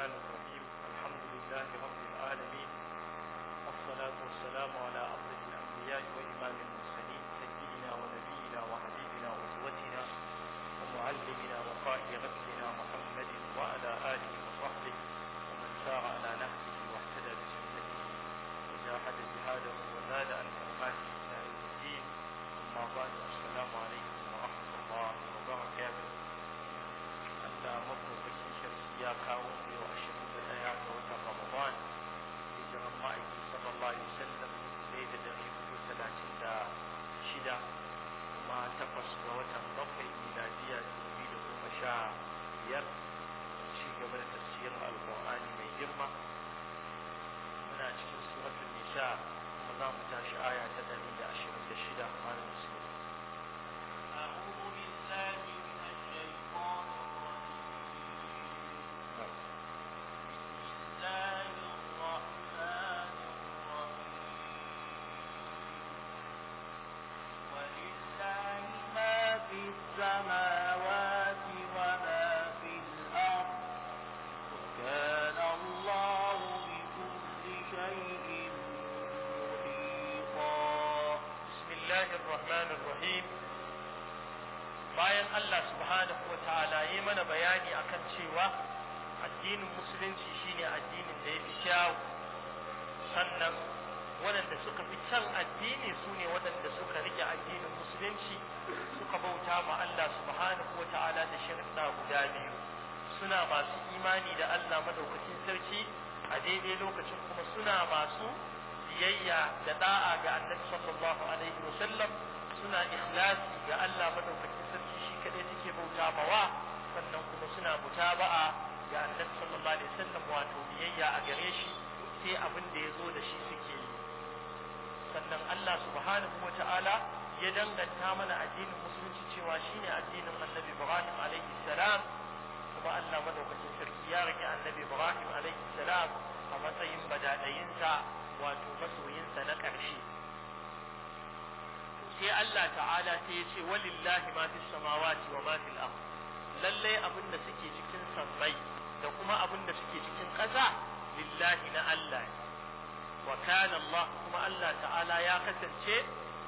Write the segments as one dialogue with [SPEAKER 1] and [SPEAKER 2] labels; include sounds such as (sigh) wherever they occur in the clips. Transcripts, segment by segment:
[SPEAKER 1] الرحمن الرحيم الحمد لله رب العالمين والصلاة والسلام على أفضل الأنبياء وإمام المرسلين سيدنا ونبينا وحبيبنا
[SPEAKER 2] وأسوتنا ومعلمنا وقائد غسلنا محمد وعلى آله وصحبه ومن سار على نهجه واهتدى بسنته وجاهد جهاده وزاد عن حرماته الإسلام يوم الدين أما بعد السلام عليكم ورحمة الله وبركاته أنت مطلوب ya kawo su yau ashirin da ɗaya ga watan ramadan hijiran ma'aiki sallallahu alaihi
[SPEAKER 1] wasallam ɗaya da ɗari hudu talatin da shida kuma takwas ga watan bakwai miladiya dubu da goma sha biyar ci gaba da tafsirin alƙur'ani mai girma muna cikin suratul nisa kuma za mu tashi aya ta ɗari da ashirin da shida malam musulmi
[SPEAKER 2] الرحمن الرحيم
[SPEAKER 1] bayan Allah subhanahu wa ta'ala mana bayani akan cewa addinin musulunci shine addinin da ya kyawu sannan waɗanda suka fi kyan addini su ne waɗanda suka rike addinin musulunci suka bauta ma Allah subhanahu wa ta'ala da shirka guda biyu suna masu imani da Allah madaukakin sarki a daidai lokacin kuma suna masu biyayya da da'a ga annabi sallallahu alaihi wa sallam suna ikhlasi ga Allah madaukakin sarki shi kadai suke bauta mawa sannan kuma suna mutaba'a ga Annabi sallallahu alaihi wasallam wato biyayya a gare shi sai abin da ya zo da shi suke yi sannan Allah subhanahu wa ta'ala ya danganta mana addinin musulunci cewa shine addinin Annabi Ibrahim alaihi salam kuma Allah madaukakin sarki ya rike Annabi Ibrahim alaihi salam a matsayin badadayinsa wato masoyinsa na ƙarshe sai Allah ta'ala sai ya ce walillahi ma fis samawati wa ma fil ard lalle abin da suke cikin sammai da kuma abin da suke cikin ƙasa lillahi na Allah wa kana Allah kuma Allah ta'ala ya kasance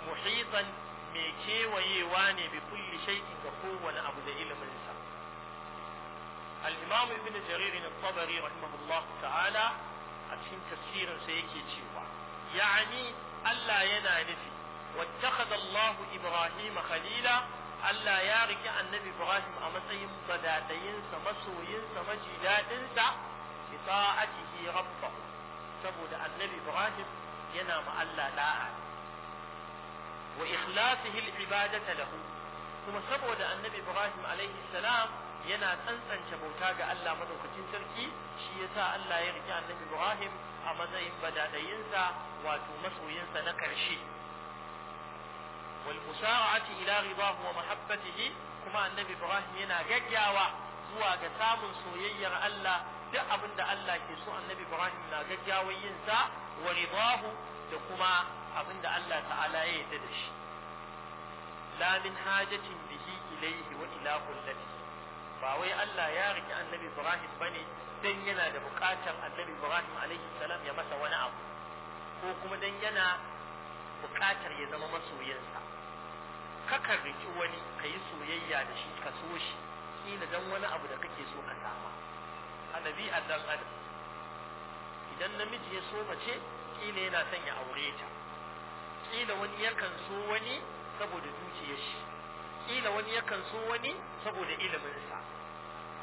[SPEAKER 1] muhitan mai kewayewa ne bi kulli shay'in ga kowane abu da ilimin sa al-imam ibn jarir al-tabari rahimahullah ta'ala a cikin tafsirin sa yake cewa ya'ani Allah yana nufi واتخذ الله إبراهيم خليلا Allah ya riki annabi Ibrahim a matsayin badadayinsa masoyinsa majidadinsa bi ta'atihi rabbahu saboda annabi Ibrahim yana ma Allah da'a wa ikhlasihi al-ibadata lahu kuma saboda annabi Ibrahim alaihi salam yana tsantsance bauta ga Allah madaukakin sarki shi yasa Allah ya rike annabi Ibrahim a matsayin badadayinsa wato masoyinsa na karshe wal musa'ati ila ribahu wa mahabbatihi kuma annabi Ibrahim yana gaggawa zuwa ga samun soyayyar Allah duk abin da Allah ke so annabi Ibrahim na gaggawa yin sa wa ridahu da kuma abin da Allah ta'ala ya yi da
[SPEAKER 3] shi la min
[SPEAKER 1] hajatin bihi ilayhi wa ila kullati ba wai Allah ya riki annabi Ibrahim bane dan yana da bukatar annabi Ibrahim alaihi salam ya masa wani abu ko kuma dan yana bukatar ya zama masoyinsa kakan riki wani ka yi soyayya da shi ka so shi kila dan wani abu da kake so ka sama a dan adam idan namiji ya so mace kila yana son ya aure ta kila wani yakan so wani saboda dukiyar shi kila wani yakan so wani saboda iliminsa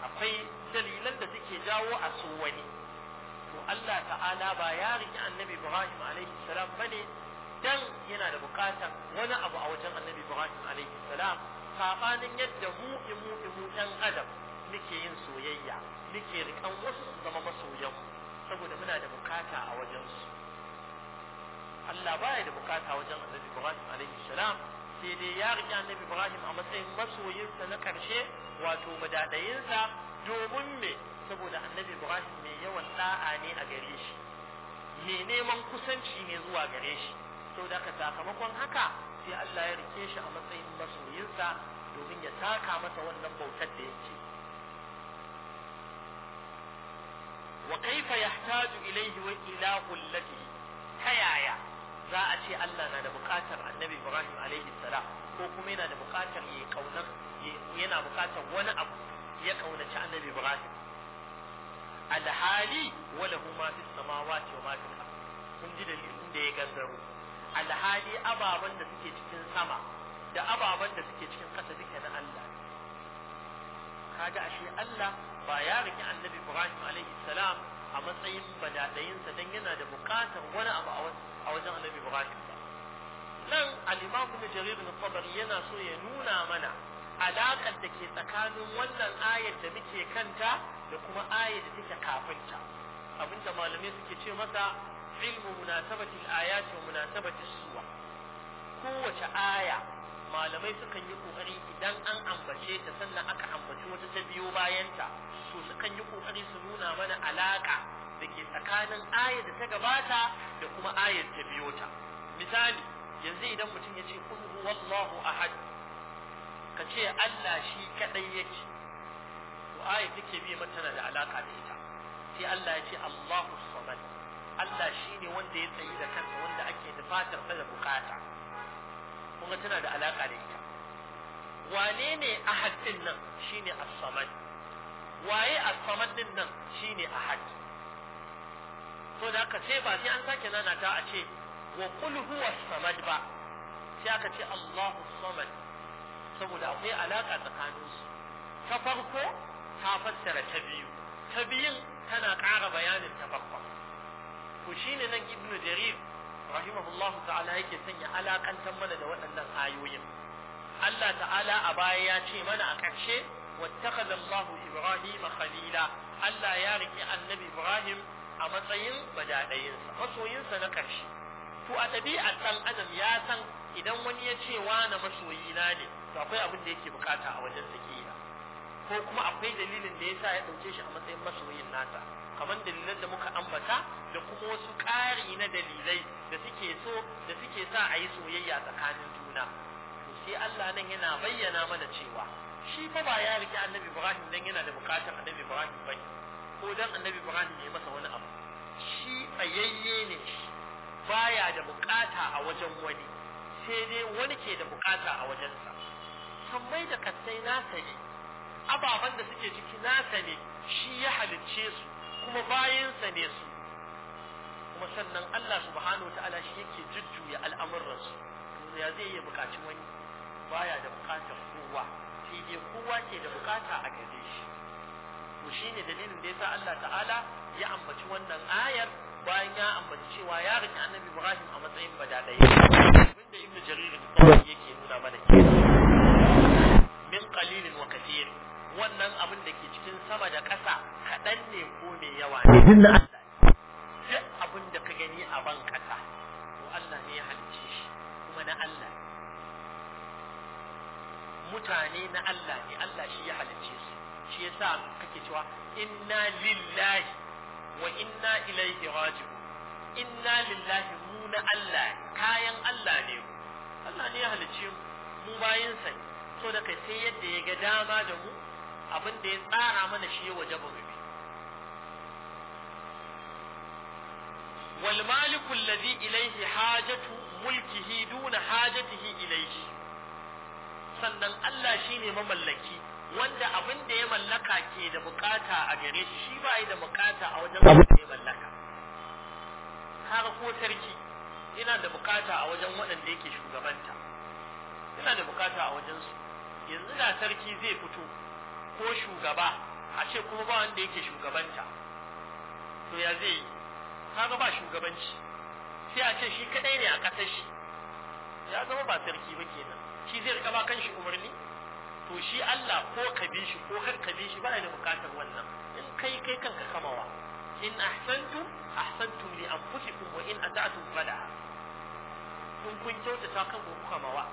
[SPEAKER 1] akwai dalilan da suke jawo a so wani to Allah ta'ala ba ya riki annabi Ibrahim alaihi salam bane dan yana da bukatar wani abu a wajen annabi Ibrahim alaihi salam sabanin yadda mu mu mu dan adam muke yin soyayya muke rikan wasu su zama masoyan saboda muna da bukata a wajen su Allah baya da bukata wajen annabi Ibrahim alaihi salam sai dai ya riƙe annabi Ibrahim a matsayin masoyinsa na ƙarshe wato madadayinsa domin me saboda annabi Ibrahim mai yawan da'a ne a gare shi mai neman kusanci ne zuwa gare shi sau da ka sakamakon haka sai Allah ya rike shi a matsayin masoyinsa domin ya taka masa wannan bautar da yake wa kaifa yahtaju ilayhi wa ila qullati ta yaya za a ce Allah na da buƙatar Annabi Ibrahim alaihi salam ko kuma yana da buƙatar ya kaunar yana wani abu ya kaunaci Annabi Ibrahim alhali wala huma fis samawati wa ma fil kun ji dalilin da ya gangaro alhali ababen da suke cikin sama da ababen da suke cikin ƙasa duka na Allah kaga ashe Allah ba ya riƙe annabi Ibrahim alaihi salam a matsayin badadayinsa dan yana da bukatar wani abu a wajen annabi Ibrahim ba nan al-Imam Ibn Jarir yana so ya nuna mana alaƙar da ke tsakanin wannan ayar da muke kanta da kuma ayar da take kafinta abinda malamai suke ce masa ilmu munasabatil ayat wa munasabatis suwa kowace aya malamai sukan yi kokari idan an ambace da sannan aka ambaci wata ta biyo bayanta to sukan yi kokari su nuna mana alaka da ke tsakanin ayar ta gabata da kuma ayar ta biyo misali yanzu idan mutum ya ce kun huwallahu ahad ka ce Allah shi kadai yake to ayar take bi mata da alaka da ita sai Allah ya ce Allahu samad Allah ne wanda ya tsayi da kansa wanda ake da fatar sa da bukata kuma tana da alaƙa da ita wane ne ahad din nan shine as-samad
[SPEAKER 3] waye as
[SPEAKER 1] din nan shine ahad to da haka sai ba sai an sake nana ta a ce wa qul huwa samad ba sai aka ce Allahu samad saboda akwai tsakanin tsakaninsu ta farko ta fassara ta biyu ta biyun tana ƙara bayanin ta farkon to shine nan ibnu jarir rahimahullah ta'ala yake sanya alakantar mana da waɗannan ayoyin Allah ta'ala a baya ya ce mana a ƙarshe wattakhadha bahu Ibrahim khalila Allah ya rike annabi Ibrahim a matsayin badadayinsa masoyinsa na ƙarshe to a ɗan adam ya san idan wani ya ce na masoyina ne to akwai abin da yake bukata a wajen sakila ko kuma akwai dalilin da yasa ya ɗauke shi a matsayin masoyin nasa kamar dalilan da muka ambata da kuma wasu ƙari na dalilai da suke so da suke sa a yi soyayya tsakanin juna to sai Allah nan yana bayyana mana cewa shi fa ba ya rike annabi Ibrahim dan yana da bukatar annabi Ibrahim bane ko dan annabi Ibrahim ya masa wani abu shi tsayayye ne baya da bukata a wajen wani sai dai wani ke da bukata a wajensa sammai da kasai nasa ne ababen da suke ciki nasa ne shi ya halicce su kuma bayansa ne su kuma sannan Allah subhanahu wa ta'ala shi yake jujjuya al'amuransu to ya zai iya bukaci wani baya da bukatar kowa sai dai kowa ke da bukata a gare shi to shine dalilin da yasa Allah ta'ala ya ambaci wannan ayar bayan ya ambaci cewa ya rike annabi Ibrahim a matsayin badalai abinda
[SPEAKER 3] Ibn Jarir yake nuna mana kenan duk na
[SPEAKER 1] abin da ka gani a ban kasa to Allah ne ya halicce shi kuma na Allah mutane na Allah ne Allah shi ya halicce su shi yasa kake cewa inna lillahi wa inna ilaihi raji'un inna lillahi mu na Allah kayan Allah ne Allah ne ya halicce mu bayan sa so da kai sai yadda ya ga dama da mu abin da ya tsara mana shi ya waje mu wal maliku alladhi ilayhi hajatu mulkihi duna hajatihi ilayhi sannan Allah shine mamallaki wanda abin da ya mallaka ke da bukata a gare shi shi ba da bukata a wajen wanda ya mallaka har ko sarki yana da bukata a wajen waɗanda yake shugabanta yana da bukata a wajen su yanzu da sarki zai fito ko shugaba a ce kuma ba wanda yake shugabanta to ya zai yi kaga ba shugabanci sai a ce shi kadai ne a ƙasar shi ya zama ba sarki ba kenan shi zai rika ba kanshi umarni to shi Allah ko ka bi shi ko kar ka bi shi ba da bukatar wannan in kai kai kanka kamawa in ahsantum ahsantum li anfusikum wa in ata'tum fala in kun kyautata kan ku kamawa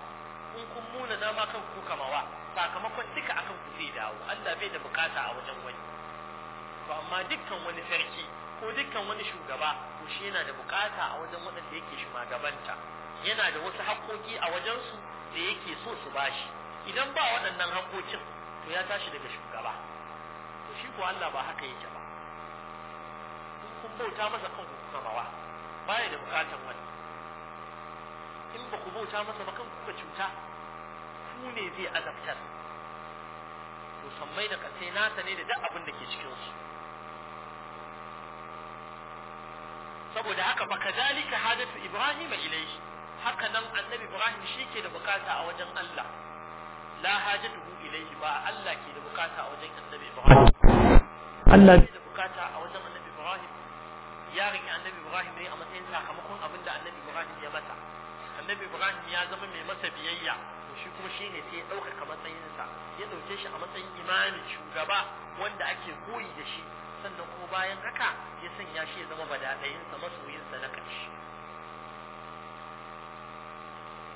[SPEAKER 1] in kun muna dama kan ku kamawa sakamakon duka akan ku zai dawo Allah bai da bukata a wajen wani to amma dukkan wani sarki ko dukkan wani shugaba to shi yana da bukata a wajen waɗanda yake shugabanta yana da wasu haƙoƙi a wajensu da yake so su bashi idan ba waɗannan haƙoƙin to ya tashi daga shugaba to shi ko Allah ba haka yake ba in kun bauta masa kan kuka mawa baya da bukatan wani in ba ku bauta masa ba kan kuka cuta ku ne zai azabtar to sammai da kasai nasa ne da duk abin da ke cikin saboda haka fa kazalika hadatu ibrahim ilayhi haka nan annabi ibrahim shike da bukata a wajen Allah la hajatuhu ilayhi ba Allah ke da bukata a wajen annabi ibrahim Allah ke da bukata a wajen annabi ibrahim yarin annabi ibrahim ne a matsayin sakamakon abin da annabi ibrahim ya mata annabi ibrahim ya zama mai masa biyayya shi kuma shi ne sai ya matsayin sa, ya ɗauke shi a matsayin imamin shugaba wanda ake koyi da shi sannan ko bayan haka ya sanya shi ya zama badaɗayinsa masoyinsa na ƙarshe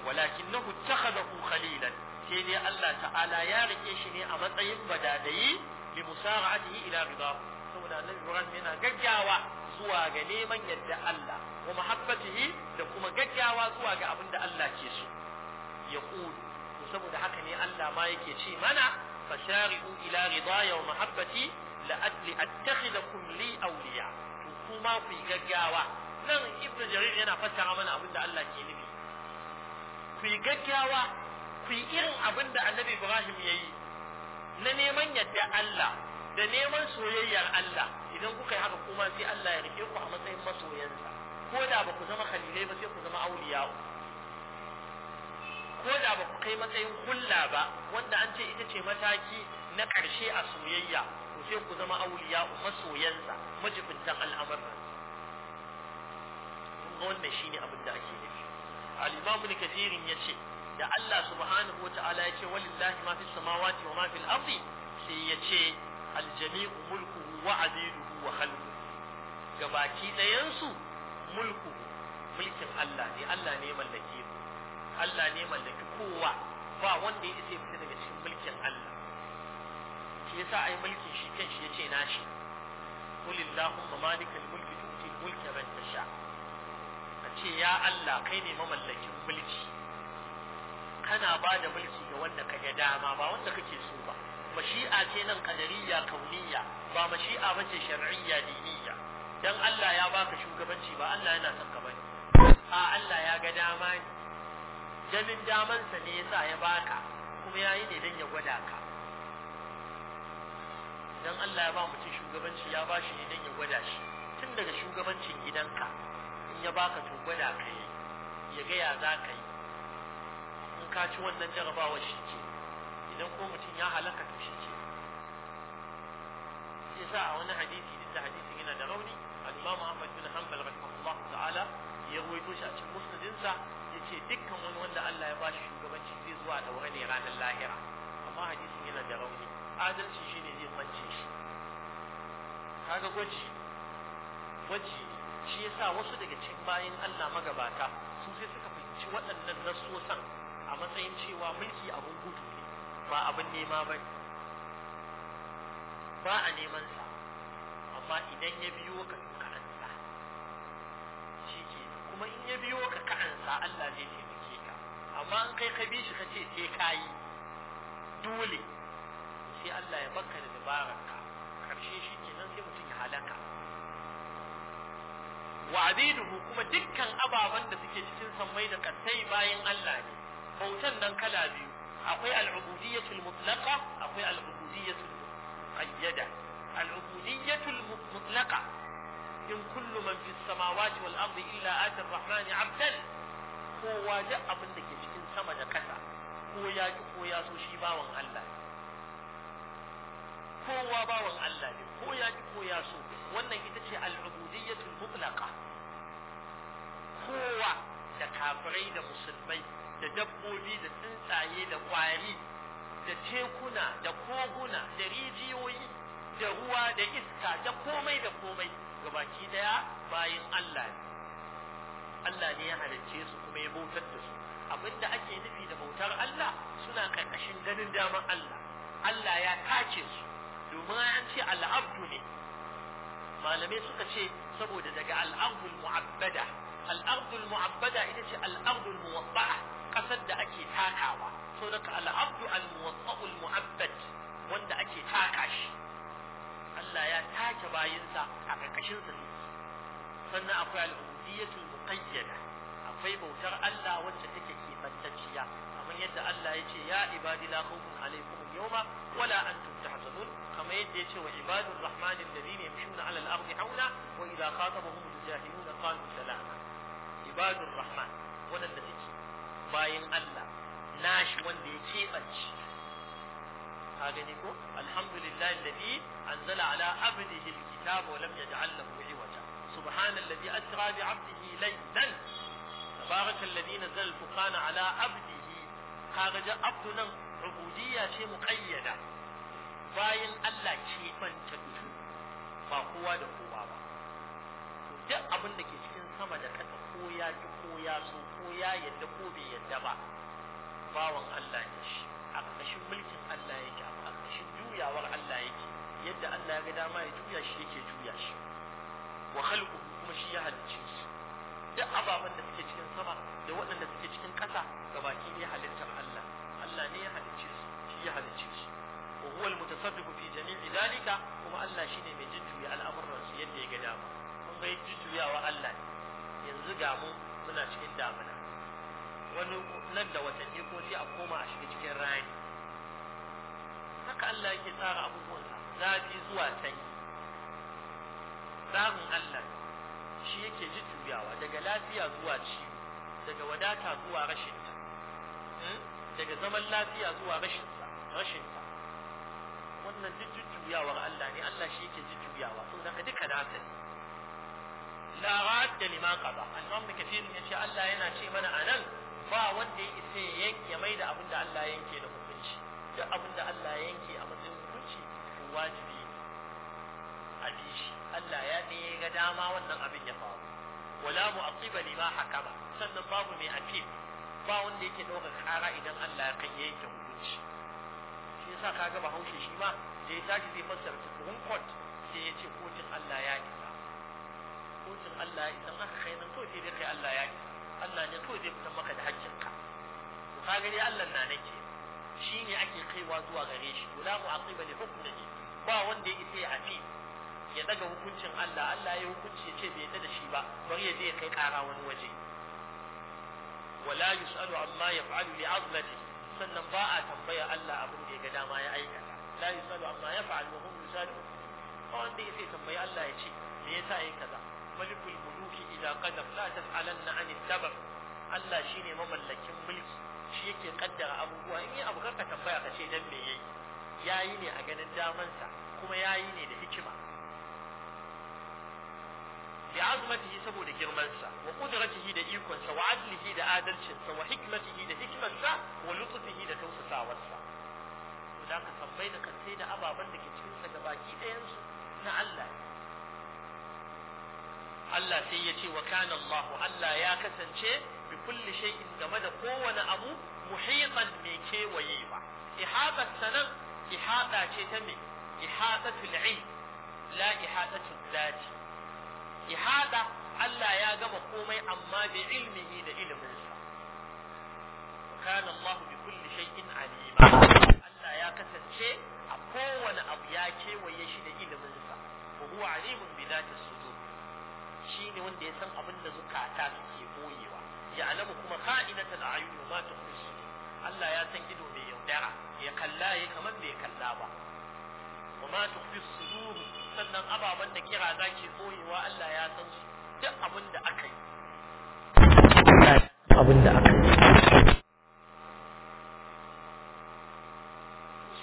[SPEAKER 1] ولكنه اتخذه خليلا سيدي الله تعالى يا ركيشني أمطيب a لمسارعته إلى رضاه saboda annabi Ibrahim yana gaggawa zuwa ga neman yadda Allah wa muhabbatihi da kuma gaggawa zuwa ga abin da Allah ke so ya kudu saboda haka ne Allah ma yake ce mana fashari'u ila riba wa muhabbati la'adli da kulli awliya to kuma ku yi gaggawa nan ibnu jarir yana fassara mana abin da Allah ke nufi ku yi gaggawa ku yi irin abin da annabi Ibrahim ya yi na neman yadda Allah da neman soyayyar Allah idan kuka yi haka kuma sai Allah ya rike ku a matsayin masoyansa ko da ba ku zama khalilai ba sai ku zama auliyawo ko da ba ku kai matsayin hulla ba wanda an ce ita ce mataki na ƙarshe a soyayya sai ku zama auliya masoyansa majibintan al'amarin kun ga wannan shine abin da ake nufi al-imam ibn kathir ya ce da Allah subhanahu wata'ala ya ce walillahi ma fis samawati wa ma fil ardi sai ya ce al-jami'u mulkuhu wa 'abiduhu wa khalquhu gabaki dayan su mulku mulkin Allah ne Allah ne mallake Allah ne mallaki kowa ba wanda ya isa fita daga cikin mulkin Allah shi yasa ai mulkin shi kan shi ya yace nashi qul illahumma malikal mulki tu'ti mulka man tasha a ce ya Allah kai ne mamallakin mulki kana ba da mulki ga wanda ka ga dama ba wanda kake so ba mashi'a ce nan qadariyya kauniyya ba mashi'a bace shar'iyya diniyya dan Allah ya baka shugabanci ba Allah yana son ka bane a Allah ya ga dama ne ganin damansa ne ya sa ya baka kuma yayi ne dan ya gwada ka dan Allah ya ba mutum shugabanci ya ba shi idan ya gwada shi tun daga shugabancin gidanka in ya baka to gwada ka yi ya ga ya za ka yi in ka ci wannan jarabawa shi ce idan ko mutum ya halaka to shi ce shi yasa a wani hadisi duk da hadisin yana da rauni al-Imam Ahmad bin Hanbal rahimahullah ta'ala ya ruwaito shi a cikin musnadinsa yace dukkan wani wanda Allah ya ba shi shugabanci zai zuwa da wani ranar lahira amma hadisin yana da rauni adalci shine ilmance shi kaga gwaji gwaji shi ya sa wasu daga cikin bayan Allah magabata su sai suka fahimci waɗannan nasosan a matsayin cewa mulki abun gudu ne ba abin nema ba ba a neman sa amma idan ya biyo ka ka'ansa shi ke kuma in ya biyo ka ka'ansa Allah zai taimake ka amma an kai ka bi shi ka ce sai ka yi dole sai Allah ya baka da dabararka karshe shi kenan sai mutum ya halaka wa abiduhu kuma dukkan ababen da suke cikin sammai da kasai bayan Allah ne bautan nan kala biyu akwai al'ubudiyyatul mutlaqa akwai al'ubudiyyatul qayyada al'ubudiyyatul mutlaqa in kullu man fis samawati wal ardi illa atir rahmani abdan kowa da abin da ke cikin sama da kasa ko ya ko ya so shi bawan Allah ne kowa bawan Allah ne ko ya ji ko ya so wannan ita ce al'ubudiyyatul mutlaqa kowa da kafirai da musulmai da dabbobi da tsuntsaye da kwari da tekuna da koguna da rijiyoyi da ruwa da iska da komai da komai gabaki daya bayan Allah ne Allah ne ya halicce su kuma ya bautar da su abinda ake nufi da bautar Allah suna karkashin ganin daman Allah Allah ya tace su domin an ce al'abdu ne malamai suka ce saboda daga al'ardul mu'abbada mu'abbada ita ce al'ardul muwabba'a kasar da ake takawa so daga al'abdu al-muwabba'ul mu'abbad wanda ake taka shi Allah ya take bayinsa a ƙarƙashin sa sannan akwai al-ubudiyyatul muqayyada akwai bautar Allah wacce take kebantacciya kamar yadda Allah ya ce ya ibadi la khawfun alaykum yawma wala kamar yadda yace wa ibadur rahmanil ladina yamshuna ala al-ardi hawla wa idha khatabahum al-jahilun qalu salama ibadur rahman wadanda suke Allah nashi wanda ya keɓance ka gani abdihi al-kitaba wa lam yaj'al lahu iwaja subhanallazi asra bi 'abdihi ala abdihi abdu nan ubudiyya ce ƙayyada. bayan Allah ke banta dutu ba kowa da kowa ba duk abin da ke cikin sama da ƙasa ko ya ji ko ya so ko ya yadda ko bai yadda ba bawan Allah ne shi a ƙarƙashin mulkin Allah yake a ƙarƙashin juyawar Allah yake yadda Allah ya ga dama ya juya shi yake juya shi wa khalquhu kuma shi ya halicce su duk ababen da suke cikin sama da waɗanda suke cikin ƙasa gabaki ne halittar Allah Allah ne ya halicce su shi ya halicce su wa huwa al-mutasaddiq fi jami'i dalika kuma Allah shine mai jujjuya al'amuran su yadda ya ga dama kun ga jujjuyawa Allah ne yanzu ga mu muna cikin damuna wani nan da watanni ko sai a koma a shiga cikin rani haka Allah yake tsara abubuwansa zafi zuwa sanyi tsarin Allah shi yake jujjuyawa daga lafiya zuwa ciwo daga wadata zuwa rashin ta hmm? daga zaman lafiya zuwa rashinsa, rashin wannan duk jujjuyawar Allah ne Allah shi yake jujjuyawa so da duka nasa ne la radda lima qada al-imam kathir ya ce Allah yana ce mana anan ba wanda ya isa ya yanke mai da abin da Allah yanke da hukunci duk abin da Allah yanke a matsayin hukunci wajibi a bishi. Allah ya ne ga dama wannan abin ya faru wala mu'aqqiba lima hakama sannan babu mai aqib ba wanda yake ɗauka kara idan Allah ya kan yanke hukunci shi yasa kaga bahaushe shi ma da ya tashi zai fassara cikin court sai ya ce kotun Allah ya isa kotun Allah ya isa aka kai nan to sai dai kai Allah ya isa Allah ne to zai fitar maka da haƙƙinka to ka gani Allah na nake shi ne ake kaiwa zuwa gare shi to la mu'aqiba li hukmihi ba wanda yake sai afi ya daga hukuncin Allah Allah ya hukunci ya ce bai yadda da shi ba bari ya je ya kai ƙara wani waje wala yus'alu ya yaf'alu li azmati sannan ba a tambaya Allah abin da ya ga dama ya aikata la yus'alu amma yaf'al wa hum yusalun ba wanda yake tambaya Allah ya ce me yasa yayi kaza malikul muluki idza qadar la tas'alanna anil dabar Allah shine mamallakin mulki shi yake kaddara abubuwa in yi abu ka tambaya ka ce dan me yayi yayi ne a ganin damansa kuma yayi ne da hikima bi azmatihi saboda girmansa wa qudratihi da ikonsa wa adlihi da adalcinsa wa hikmatihi da hikmarsa wa lutfihi da tausasawarsa to da ka tambayi da kan sai da ababan da ke cikin sa gabaki ɗayan na Allah Allah sai ya ce wa kana Allah Allah ya kasance bi kulli shay'in game da kowane abu muhitan mai kewaye ba ihatar sanan ihada ce ta me ihatatul ilm la ihatatul zati ihada Allah ya gama komai amma bi ilmihi da ilimin sa
[SPEAKER 3] kana Allah bi kulli shay'in alima Allah ya kasance
[SPEAKER 1] a kowane abu ya kewaye shi da ilimin sa huwa alimun bi dhati sudur shine wanda ya san abin da zukata suke boyewa ya alamu kuma kha'inatul a'yun ma tukhfi Allah ya san ido bai yaudara ya kalla ya kamar bai kalla ba wa ma tukhfi sudur sannan ababan da kira zaki
[SPEAKER 3] koyewa Allah ya san su duk abin da aka yi abin da aka yi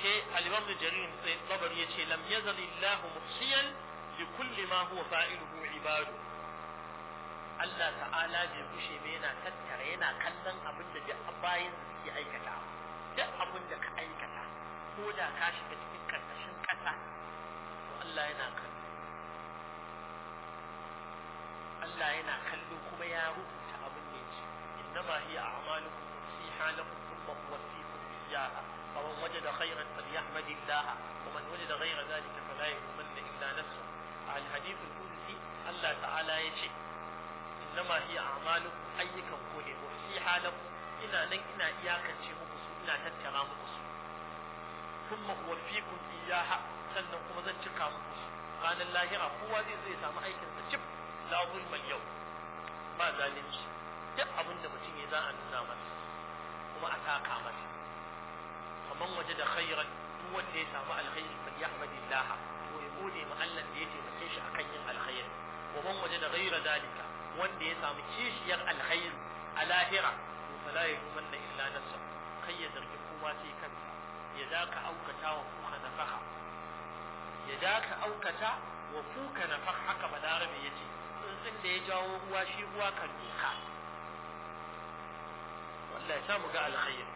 [SPEAKER 1] sai al-imam jarir sai babar yace lam yazal Allah muhsiyan li kulli ma huwa fa'iluhu ibadu Allah ta'ala bai kushe ba yana tattara yana kallon abin da duk bayan suke aikata duk abin da ka aikata ko da ka shiga cikin karkashin kasa الله ينقل الله ينقل لكم يا رب
[SPEAKER 2] تأمنيت
[SPEAKER 1] إنما هي أعمالكم في حالكم ثم هو فيكم إياها فمن وجد خيرا فليحمد الله ومن وجد غير ذلك فلا يؤمن إلا نفسه على الحديث القدسي الله تعالى يشك إنما هي أعمالكم أيكم كله وفي حالكم إلى أن إنا إياك تشيبكم إلى أن ثم هو فيكم إياها sannan kuma zan cika muku ranar lahira kowa zai zai samu aikin sa cif la zulmal yau ba zalunci duk abin da mutum ya za a nuna masa kuma a taka masa kaman waje da khairan duk wanda ya samu alkhairi fal yahmadillah to ya gode ma Allah da ya taimake shi akan yin alkhairi wa waje da ghaira dalika wanda ya samu kishiyar alkhairi a lahira to fala yakumanna illa nafsa kai ya zargi kowa sai kansa ya zaka aukata wa kuka nafaha ya ja ka aukata wa kuka na fa haka balarabe ya ce tsuntsun da ya jawo ruwa shi ruwa kan duka wallahi sa mu ga alkhairi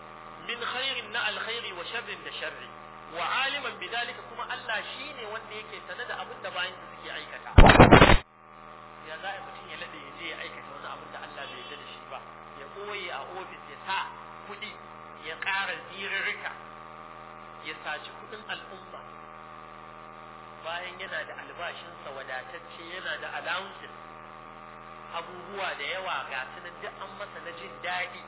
[SPEAKER 1] min khairin na alkhairi wa sharrin da sharri wa aliman bidalika kuma Allah shi ne wanda yake sanar da abin da bayan su suke aikata ya za a mutum ya lade ya je ya aikata wani abin da Allah bai yarda da shi ba ya ɓoye a ofis ya sa kuɗi ya ƙara zirarrika ya saci kuɗin al'umma bayan yana da albashinsa wadatacce yana da allowances abubuwa da yawa ga sunan duk an masa na jin daɗi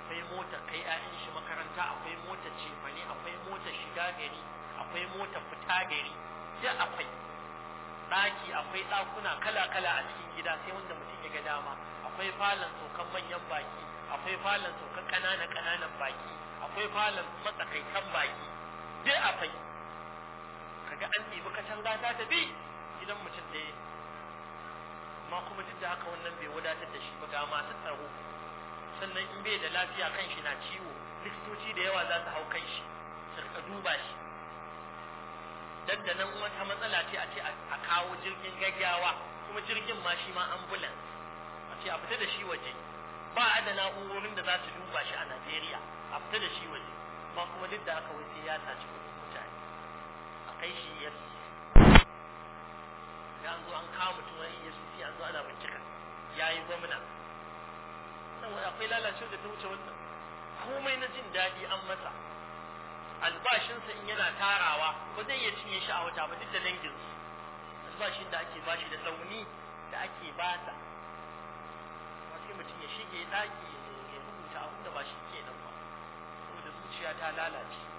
[SPEAKER 1] akwai mota kai 'ya'yan shi makaranta akwai mota cefane akwai mota shiga gari akwai mota fita gari duk akwai ɗaki akwai ɗakuna kala-kala a cikin gida sai wanda mutum ya ga dama akwai falon tokan manyan baki akwai falon tokan ƙananan ƙananan baki akwai falon matsakaitan baki duk akwai ga an ɗibi canza ta tafi gidan mutum ɗaya amma kuma duk da haka wannan bai wadatar da shi ba ga masu tsaro sannan in bai da lafiya kan shi na ciwo likitoci da yawa za su hau kan shi su duba shi Dan da nan wata matsala ce a ce a kawo jirgin gaggawa kuma jirgin ma shi ma ambulan a ce a fita da shi waje ba a da na'urorin da za su duba shi a najeriya a fita da shi waje ba kuma duk da haka wai sai ya saci kai shi ya da an zo an kawo mutum wani ya su ya zo ana bincika ya yi gwamna saboda akwai lalacewa da ta wuce wannan komai na jin daɗi an masa albashinsa in yana tarawa ba zai iya cinye shi a wata ba duk da su albashin da ake bashi da tsauni da ake basa sai mutum ya shige ɗaki ya rubuta abin da ba shi ke nan ba saboda zuciya ta lalace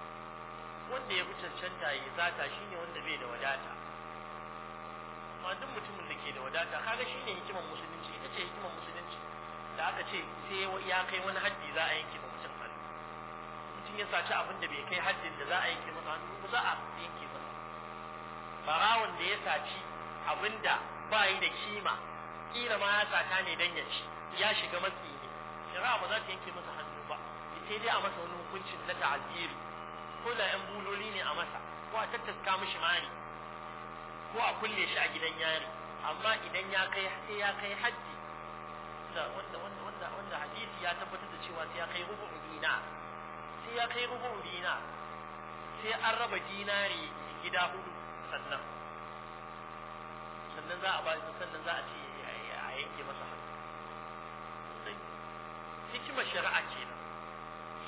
[SPEAKER 1] wanda ya fi cancanta ya zata shine wanda bai da wadata amma duk mutumin da ke da wadata kaga shine hikimar musulunci ita ce hikimar musulunci da aka ce sai ya kai wani haddi za a yanke mutum hannu mutum ya saci abin da bai kai haddin da za a yanke masa hannu ba za a yanke masa barawon da ya saci abin da ba yi da kima kila ma ya sata ne dan ya ci ya shiga matsi ne shari'a ba za ta yanke masa hannu ba sai dai a masa wani hukuncin na ta'aziri ko da yan buloli ne a masa ko a tattaska mishi mari ko a kulle shi a gidan yari amma idan ya kai sai ya kai hajji wanda wanda wanda wanda hadisi ya tabbatar da cewa sai ya kai rubu dina sai ya kai rubu dina sai an raba dinari gida hudu sannan sannan za a ba sannan za a ce a yanke masa hannu hikimar shari'a kenan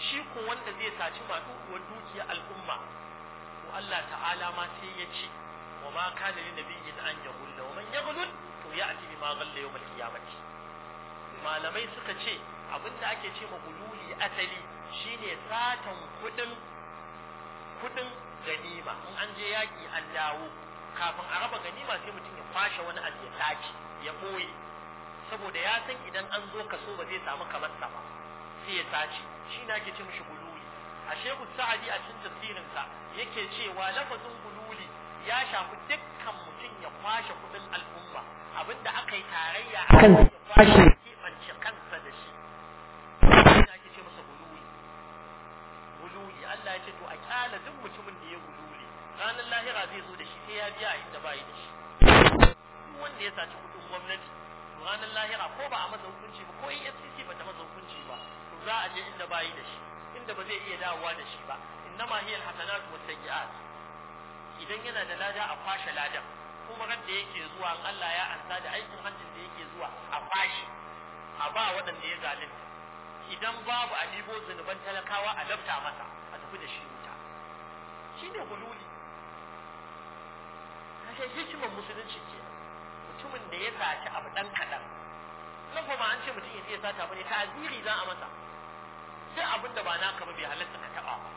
[SPEAKER 1] shi ko wanda zai saci maduguwar dukiyar al'umma to Allah ta'ala ma sai ya ce wa ma kana lin nabiyyin an yaghulla wa man yaghlul to ya'ti bima ghalla yawm al-qiyamati malamai suka ce abinda ake ce ma gululi asali shine satan kudin kudin ganima in an je yaki an dawo kafin a raba ganima sai mutum ya kwashe wani abu ya taci ya boye saboda ya san idan an zo kaso ba zai samu kamar sa ba sai ya sace shi na ke ce mishi gululi a shehu sa'adi a cikin sa yake cewa lafazin gululi ya shafi dukkan mutum ya kwashe kudin al'umma abinda aka yi tarayya a kan ya kwashe kansa da shi ce masa gululi gululi Allah ya ce to a kyala duk mutumin da ya gululi ranar lahira zai zo da shi sai ya biya inda ba da shi wanda ya saci kudin gwamnati ranar lahira ko ba a masa hukunci ba ko ba ta masa hukunci ba za a je inda ba yi da shi inda ba zai iya dawowa da shi ba innama hiya alhasanatu wasayyi'at idan yana da lada a kwashe ladan kuma ran da yake zuwa Allah ya ansa da aikin hajjin da yake zuwa a kwashe a ba waɗanda ya zalunta idan babu a ɗibo zunuban talakawa a lafta masa a tafi da shi wuta shi ne hululi kashe hikimar musulunci ke mutumin da ya sace abu ɗan kaɗan nan kuma an ce mutum ya je sata bane ta'aziri za a masa duk abin da ba naka ba bai halatta ka taba ba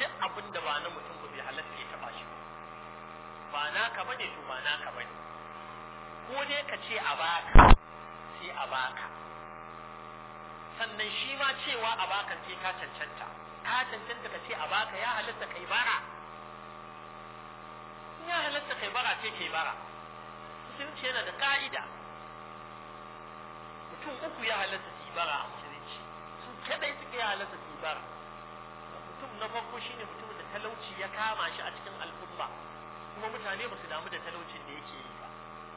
[SPEAKER 1] duk abin da ba na mutum ba bai halatta ya taba shi ba naka bane to ba naka bane ko dai ka ce a baka sai a baka sannan shi ma cewa a bakan sai ka cancanta ka cancanta ka ce a baka ya halatta kai bara ya halatta kai bara sai kai bara sun ce na da ka'ida mutum uku ya halatta su yi bara a kadai suke yi halatta mutum na farko shine mutum da talauci ya kama shi a cikin al'umma kuma mutane ba su damu da talaucin da yake yi ba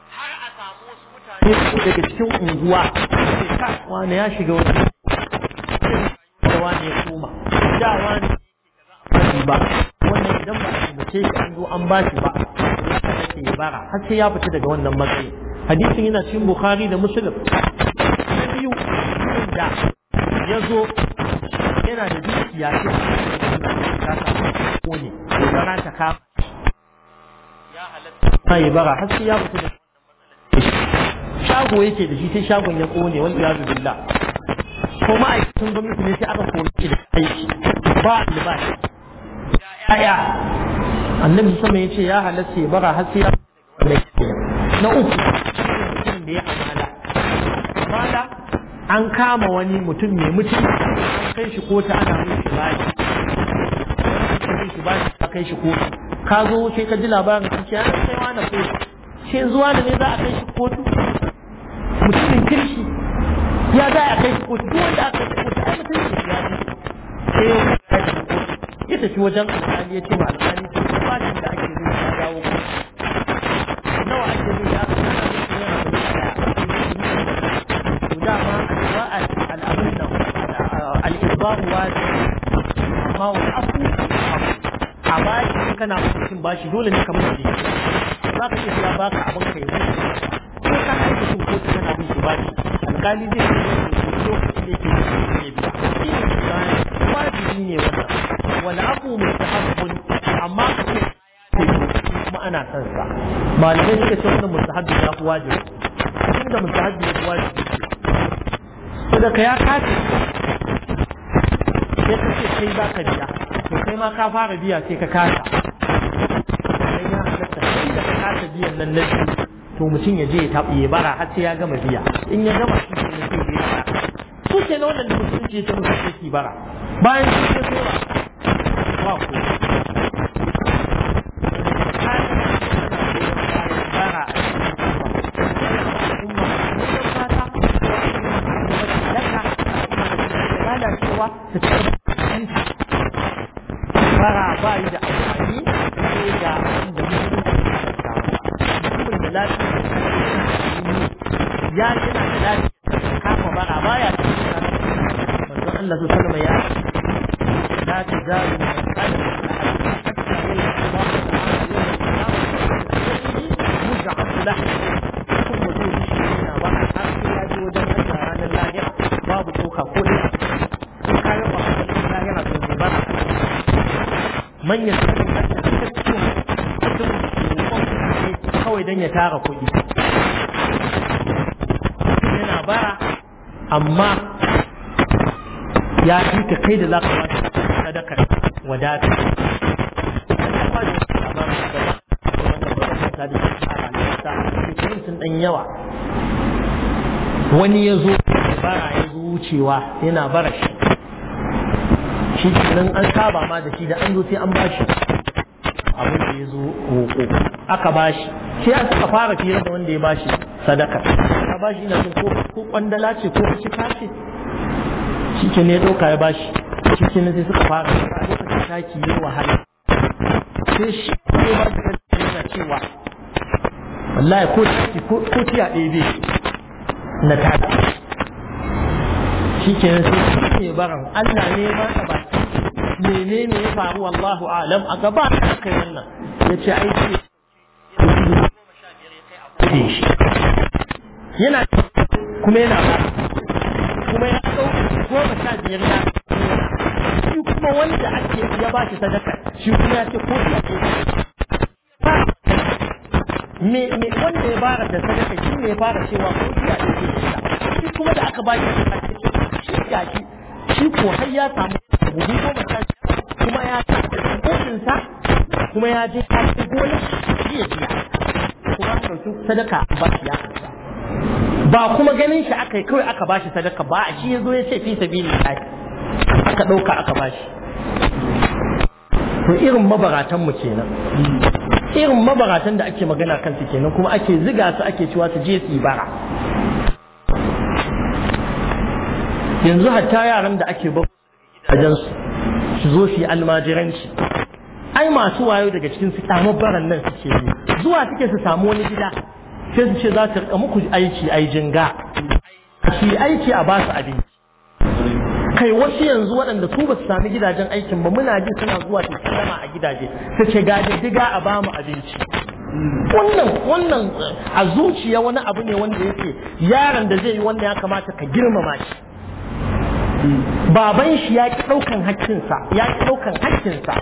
[SPEAKER 3] har a samu wasu mutane daga cikin unguwa
[SPEAKER 1] sai
[SPEAKER 3] ka wani ya shiga wani da ya koma da wani ba wannan idan ba a mace shi an zo an ba shi ba
[SPEAKER 1] ya bara har sai ya fita daga wannan matsayin hadisin yana cikin bukhari da muslim ya zo yana da dukiya ce ta samu ko ne gobara ta kama ya halatta sai bara har sai ya fita da shago yake da shi sai shagon ya kone wal iyadu billah ko ma'aikatan gwamnati ne sai aka kore shi da aiki ba albashi ya annabi sama ya ce ya halatta ya bara har sai ya na uku da ya amala amala an kama wani mutum mai mutum an kai shi kota ana mai shi bashi kai shi bashi a kai shi kotu ka zo sai ka ji labarin da ce ana kai
[SPEAKER 3] wani kai sai zuwa da ne za a kai shi kotu mutumin kirshi ya za a kai shi kotu duk wanda aka kai kotu ai mutum ne ya ji sai ya kai shi
[SPEAKER 1] kotu ya tafi wajen alƙali ya ce ma alƙali ce ba shi da ake kana da mutum bashi dole ne ka mutu za
[SPEAKER 3] ka iya siya baka abin ka yi ko ka kai mutum ko ta kana bin shi bashi alkali zai yi lokacin da yake ne biya shi ne tsani wajibi ne wata
[SPEAKER 1] wani abu mai mustahabbun amma ka ce kuma ana son sa malamai suka ce wannan mustahabbi ya fi wajibi tunda mustahabbi ya fi wajibi saboda ka ya kace sai ka ce kai ba ka biya to kai ma ka fara biya sai ka kasa gwamnati to mutum ya je ya bara har sai ya gama biya in ya gama shi ne sai ya bara su ke nan wannan da mutum ce ta mutum ke bara bayan shi ke ba kai da za ka wata sadakar wadata sun ɗan yawa wani ya zo bara ya zo wucewa yana bara shi shi nan an saba ma da shi da an zo sai an bashi abin da ya zo roƙo aka bashi shi ya suka fara fiye da wanda ya bashi sadaka ka bashi ina ko ko kwandala ce ko kashi kashi. shi ne ya ɗauka ya bashi shi ne sai suka fara a lokacin taki ya wahala sai shi ne ba shi kan yana cewa
[SPEAKER 3] wallahi ko taki
[SPEAKER 1] ko tiya ɗaya bai na taki shi ne sai shi ne baran Allah ne ba ka ba menene ya faru wallahu alam a gaba a kai wannan
[SPEAKER 3] ya ce aiki
[SPEAKER 1] yana kuma yana ba goma sha biyar ya shi kuma wanda ake ya ba shi sadaka shi kuma ya ce kofi ya me me wanda ya fara da sadaka shi ne ya fara cewa ko ya ce shi kuma da
[SPEAKER 3] aka ba shi sadaka shi ga shi shi ko har ya samu gobe goma sha kuma ya ta sa kuma ya je ta ci gona shi ya biya
[SPEAKER 1] kuma ɗauki sadaka ba shi ya ba kuma ganin shi aka yi kawai aka ba shi sadaka ba a shi zo ya ce fi sabili lahi aka dauka aka shi. to irin mabaratan mu kenan irin mabaratan da ake magana kan su kenan kuma ake ziga su ake cewa su je su bara yanzu hatta yaran da ake ba gidajen su su zo su yi almajiranci ai masu wayo daga cikin su samu baran nan suke yi zuwa suke su samu wani gida sai su ce za ta rika muku aiki ai jinga su aiki a basu abinci kai wasu yanzu waɗanda su ba su sami gidajen aikin ba muna ji suna zuwa ta sama a gidaje ta ce ga diga a bamu abinci wannan wannan a zuciya wani abu ne wanda yake yaron da zai yi wanda ya kamata ka girmama shi baban shi ya ki ɗaukan hakkinsa ya ki ɗaukan hakkinsa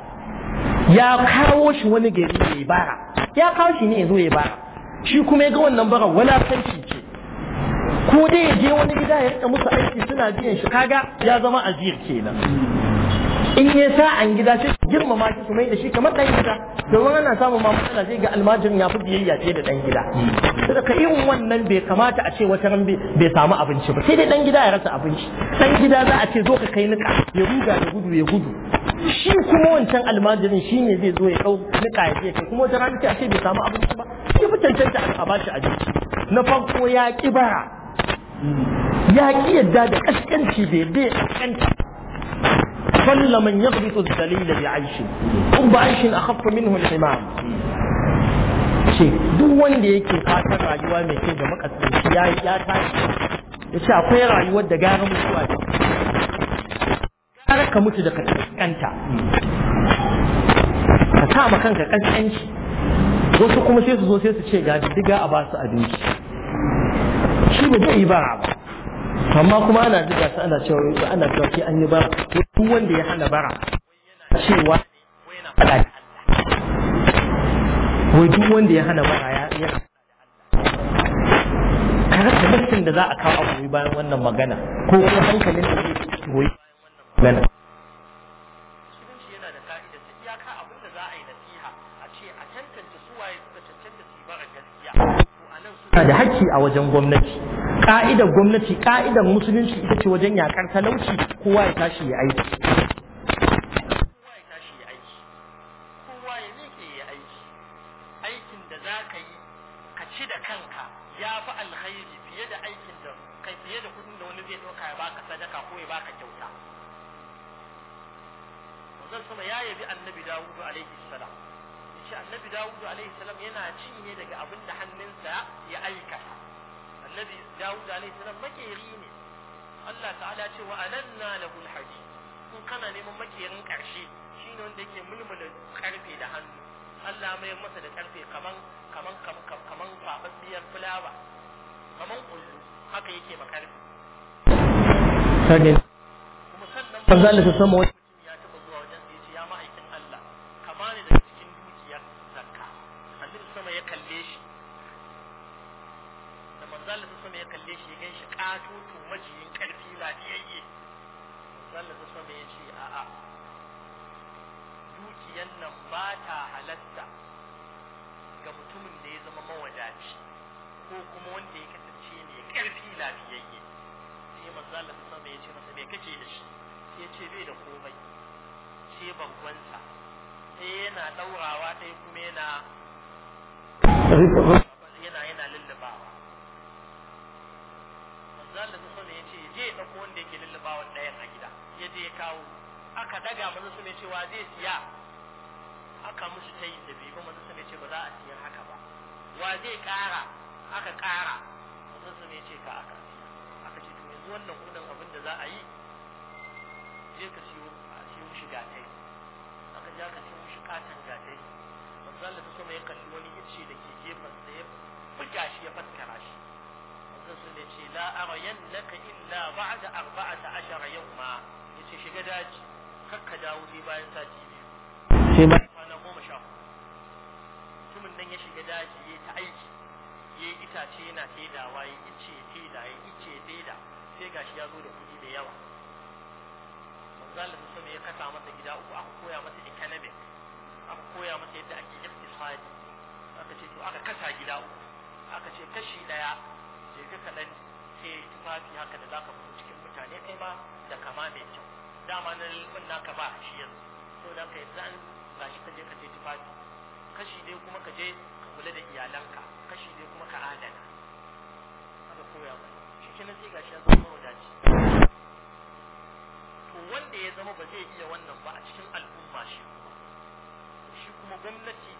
[SPEAKER 1] ya kawo shi wani gari ya yi bara ya kawo shi ne ya zo ya bara shi kuma ya ga wannan bara wulakanci ce ko dai ya je wani gida ya rika musu aiki suna biyan shi kaga ya zama azir kenan in ya sa an gida sai girmama shi su mai da shi kamar ɗangida. gida domin ana samun ma matsala sai ga almajirin ya fi biyayya ce da dan gida saboda irin wannan bai kamata a ce wata ran bai samu abinci ba sai dai dan gida ya rasa abinci ɗan gida za a ce zo ka kai nika ya ruga da gudu ya gudu shi kuma wancan almajirin shi ne zai zo ya ɗau nika ya kai kuma wata rana a ce bai samu abinci ba ya fi cancanta a bashi abinci na farko ya ƙi bara ya ƙi yadda da kaskanci bai bai kaskanta kalla man yaghbitu dalila bi aishi ubba aishin akhaffa min al-himam ce duk wanda yake fatan rayuwa mai kyau da makasarci ya tashi ya ce akwai rayuwar da gara mutuwa ce kare ka mutu da ka kaskanta ka sa ma kanka kaskanci wasu kuma sai su zo sai su ce ga diga a su abinci shi ba zai yi bara ba amma kuma ana diga su ana cewa ana cewa sai an yi bara duk wanda ya hana bara cewa yana wai duk wanda ya hana bara ya ya ka rasa da za a kawo abu bayan wannan magana ko kuma hankalin da zai goyi nan musulunci yana da ka'ida ta iyaka abin
[SPEAKER 3] da za a yi nasiha a ce a tantance su waye suka cancanta su ba a gaskiya to da haƙƙi a
[SPEAKER 1] wajen gwamnati ka'idar gwamnati ka'idar musulunci ita ce wajen yaƙar talauci kowa ya tashi ya aiki ya fiye da aikin da kai fiye da kudin da wani zai ɗauka ya baka sadaka ko ya baka kyauta manzon sama ya yabi annabi Dawud alaihi salam yace annabi dawudu alaihi salam yana cinye daga abin da hannunsa ya aikata annabi dawudu alaihi salam makeri ne Allah ta'ala ce wa ananna lahu alhadid kun kana neman makerin karshe shine wanda yake mulmula karfe da hannu Allah mai masa da karfe kaman kaman kaman kaman kwababbiyar fulawa kaman kullu haka yake makarfi kuma sannan manzo Allah sama ƙarfi ko kuma wanda ya kasance mai ƙarfi lafiyayye sai manzo Allah sama ya ce masa me kake da shi sai ya ce bai da komai sai bangonsa sai yana ɗaurawa sai kuma yana yana yana lullubawa manzo Allah sama ya ce je dauko wanda yake lullubawa ɗayan a gida ya je ya kawo aka daga manzo sama ya ce wa zai siya aka musu ta yi da bai ba manzo sama ya ce ba za a siya haka ba wa zai kara aka kara mutum su ne ce ka aka aka ce to yanzu wannan kunan abin da za a yi je ka siyo a siyo shi gatai aka ja ka siyo shi katon gatai manzon da ta sama ya kalli wani ice da ke gefen da ya buga shi ya faskara shi manzon su ne ce la arayan laka illa ba'da arba'ata ashara yawma ce shiga daji kakka dawo sai bayan sati biyu sai bayan kwana goma sha hudu mutumin nan ya shiga daji ya ta aiki ya yi itace yana taidawa ya ice taida ya ice taida sai gashi ya zo da kuɗi da yawa manzalin musulmi ya kasa masa gida uku aka koya masa economic aka koya masa yadda ake iktisadi aka ce to aka kasa gida uku aka ce kashi ɗaya je ka kaɗan sai tufafi haka da zaka fito cikin mutane kai ma da kama mai kyau dama na lalbin naka ba shi yanzu to da ka yanzu an gashi ka je ka sai tufafi kashi dai kuma ka je ka kula da iyalanka kashi dai kuma ka adana aka koya ba shi ke sai gashi ya zama wadaci to wanda ya zama ba zai iya wannan ba a cikin al'umma shi kuma shi kuma gwamnati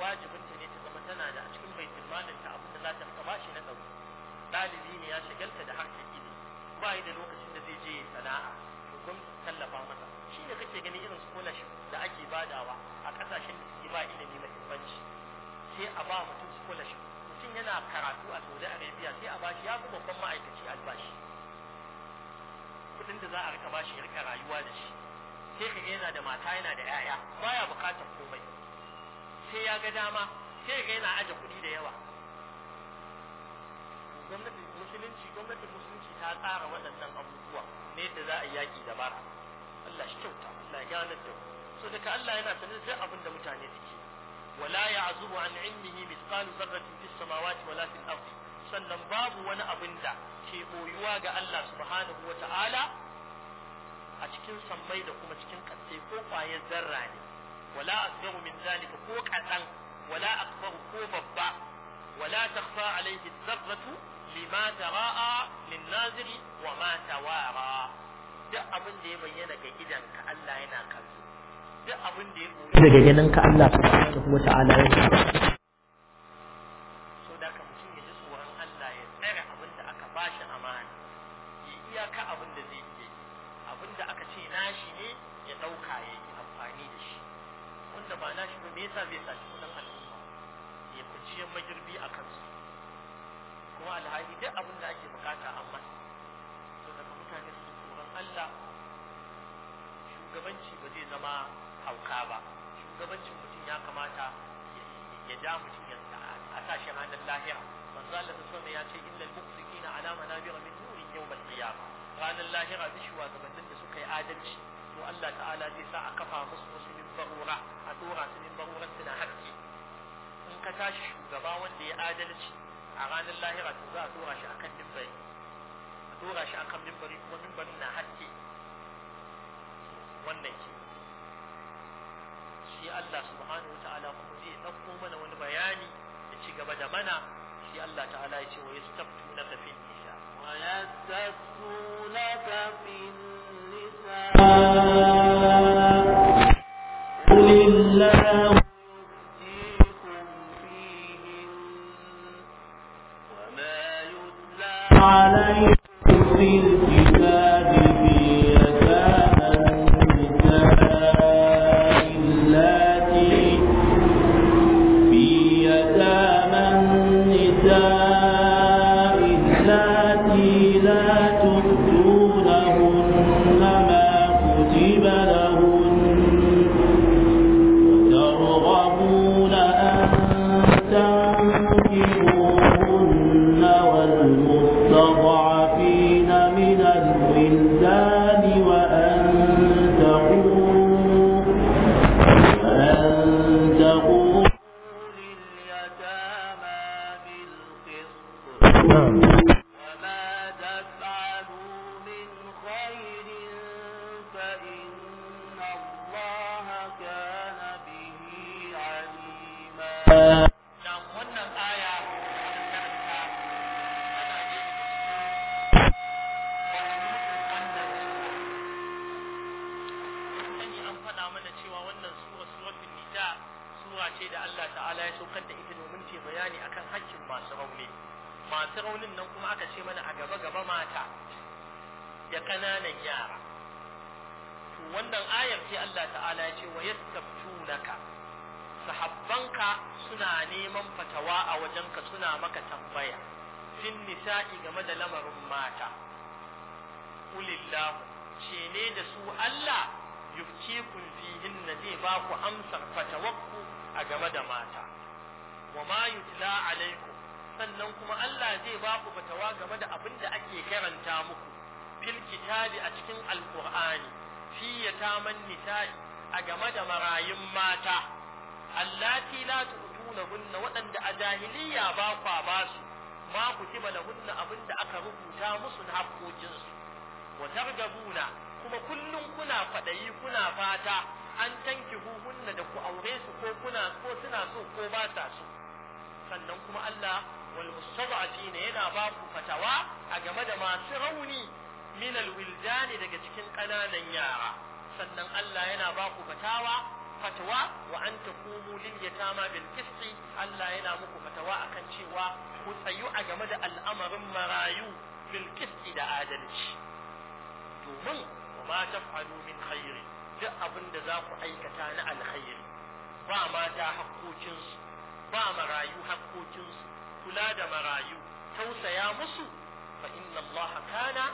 [SPEAKER 1] wajibinta ne ta zama tana da a cikin bai tilmanin ta abin da za ta kama shi na tsaro ɗalibi ne ya shagalta da harkar ilimi ba yi da lokacin da zai je sana'a to gwamnati tallafa masa shi ne kake ganin irin scholarship da ake badawa a kasashen da suke ba ilimi mahimmanci sai a ba mutum scholarship mutum yana karatu a Saudi Arabia sai a bashi ya fi babban ma'aikaci albashi kudin da za a rika bashi ya rika rayuwa da shi sai ka yana da mata yana da 'ya'ya baya bukatar komai sai ya ga dama sai ga yana aje kuɗi da yawa gwamnatin musulunci gwamnatin musulunci ta tsara waɗannan abubuwa ne da za a yaƙi da bara Allah shi kyauta Allah ya ganar da so daga Allah yana sanin duk abin da mutane suke wala ya'zubu an ilmihi mithqalu dharratin fis samawati wala fil ardi sannan babu wani abin da ke boyuwa ga Allah subhanahu wata'ala a cikin sammai da kuma cikin kasai ko kwayar zarra ne wala asbaru min zalika ko kadan wala akbaru ko babba wala takhfa alayhi dharratu lima tara'a lin naziri
[SPEAKER 3] wa ma tawara duk abin da ya bayyana ga
[SPEAKER 1] gidanka Allah yana kansu duk abin da ya koyi daga ganin ka Allah subhanahu wa ta'ala yana so da ka mutum ya ji tsoron Allah ya tsare abin da aka bashi amana ya iyaka abin da zai yi abin da aka ce nashi ne ya dauka ya yi amfani da shi wanda ba nashi ba me yasa zai saci kudin al'umma ya kuciyar magirbi a kansu kuma alhali duk abin da ake bukata daga mutane su Allah shugabanci ba zai zama hauka ba shugabanci mutum ya kamata ya ja mutum ya a sashi ranar lahira manzo Allah sallallahu ya ce innal muqsitina ala manabira min nuri yawm al-qiyamah ranar lahira da shugabannin da suka yi adalci to Allah ta'ala zai sa a kafa musu wasu min barura a dora su min baruran suna hakki in ka tashi shugaba wanda ya adalci a ranar lahira to za a dora shi akan dubbai dora shi akan mimbari kuma mimbarin na haske wannan ke shi Allah subhanahu wa ta'ala kuma zai ɗauko mana wani bayani da ci gaba da mana shi Allah ta'ala ya
[SPEAKER 2] ce wa yastaftunaka fil nisa wa yastaftunaka fil nisa قل
[SPEAKER 1] ce da Allah ta'ala ya saukar da ita domin ce bayani akan hakkin masu rauni masu raunin nan kuma aka ce mana a gaba gaba mata da ƙananan yara to wannan ayar ce Allah ta'ala ya ce wa yastabtunaka sahabbanka suna neman fatawa a wajenka suna maka tambaya fin nisa'i game da lamarin mata ulillahu ce ne da su Allah yufkikun na zai ba ku amsar fatawakku a game da mata wa ma yutla alaikum sannan kuma Allah zai ba ku fatawa game da abin da ake karanta muku fil kitabi a cikin alqur'ani fi yataman nisa'i a game da marayun mata allati la tu'tunahunna waɗanda a jahiliya ba kwa ba su ma kutiba lahunna abin da aka rubuta musu na haƙoƙinsu wa targabuna kuma kullum kuna kwaɗayi kuna fata an tanki hunna da ku aure su ko kuna ko suna so ko ba ta so sannan kuma Allah wal mustad'afina yana ba ku fatawa a game da masu rauni min al wildani daga cikin ƙananan yara sannan Allah yana ba ku fatawa fatawa wa an taqumu lil yatama bil qisti Allah yana muku fatawa akan cewa ku tsayu a game da al'amarin marayu bil qisti da adalci domin wa ma taf'alu min khairi duk abin da za ku aikata na alkhairi ba mata hakkokinsu ba marayu hakkokinsu kula da marayu tausaya musu fa inna Allah kana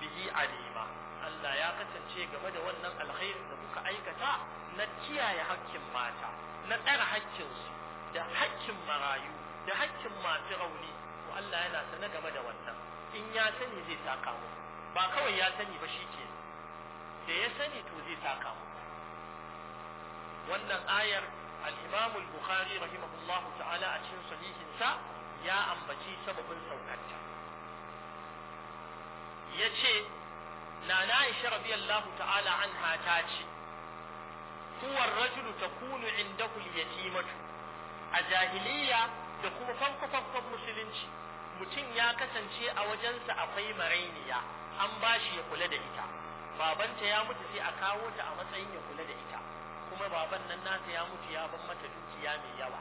[SPEAKER 1] bihi alima Allah ya kasance game da wannan alkhairin da kuka aikata na kiyaye haƙƙin mata na tsara haƙƙinsu, da haƙƙin marayu da haƙƙin masu rauni to Allah yana sane game da wannan in ya sani zai taka mu ba kawai ya sani ba shi ke da ya sani to zai saka wannan ayar al-Imam al-Bukhari rahimahullah ta'ala a cikin sahihin sa ya ambaci sababin saukarta yace nana Aisha radiyallahu ta'ala anha ta ce huwa ar-rajulu takunu indahu al-yatimatu a jahiliya da kuma farko musulunci mutum ya kasance a wajensa akwai marainiya an bashi ya kula da ita babanta ya mutu sai a kawo ta a matsayin ya kula da ita kuma baban nan nata ya mutu ya ban mata dukiya mai yawa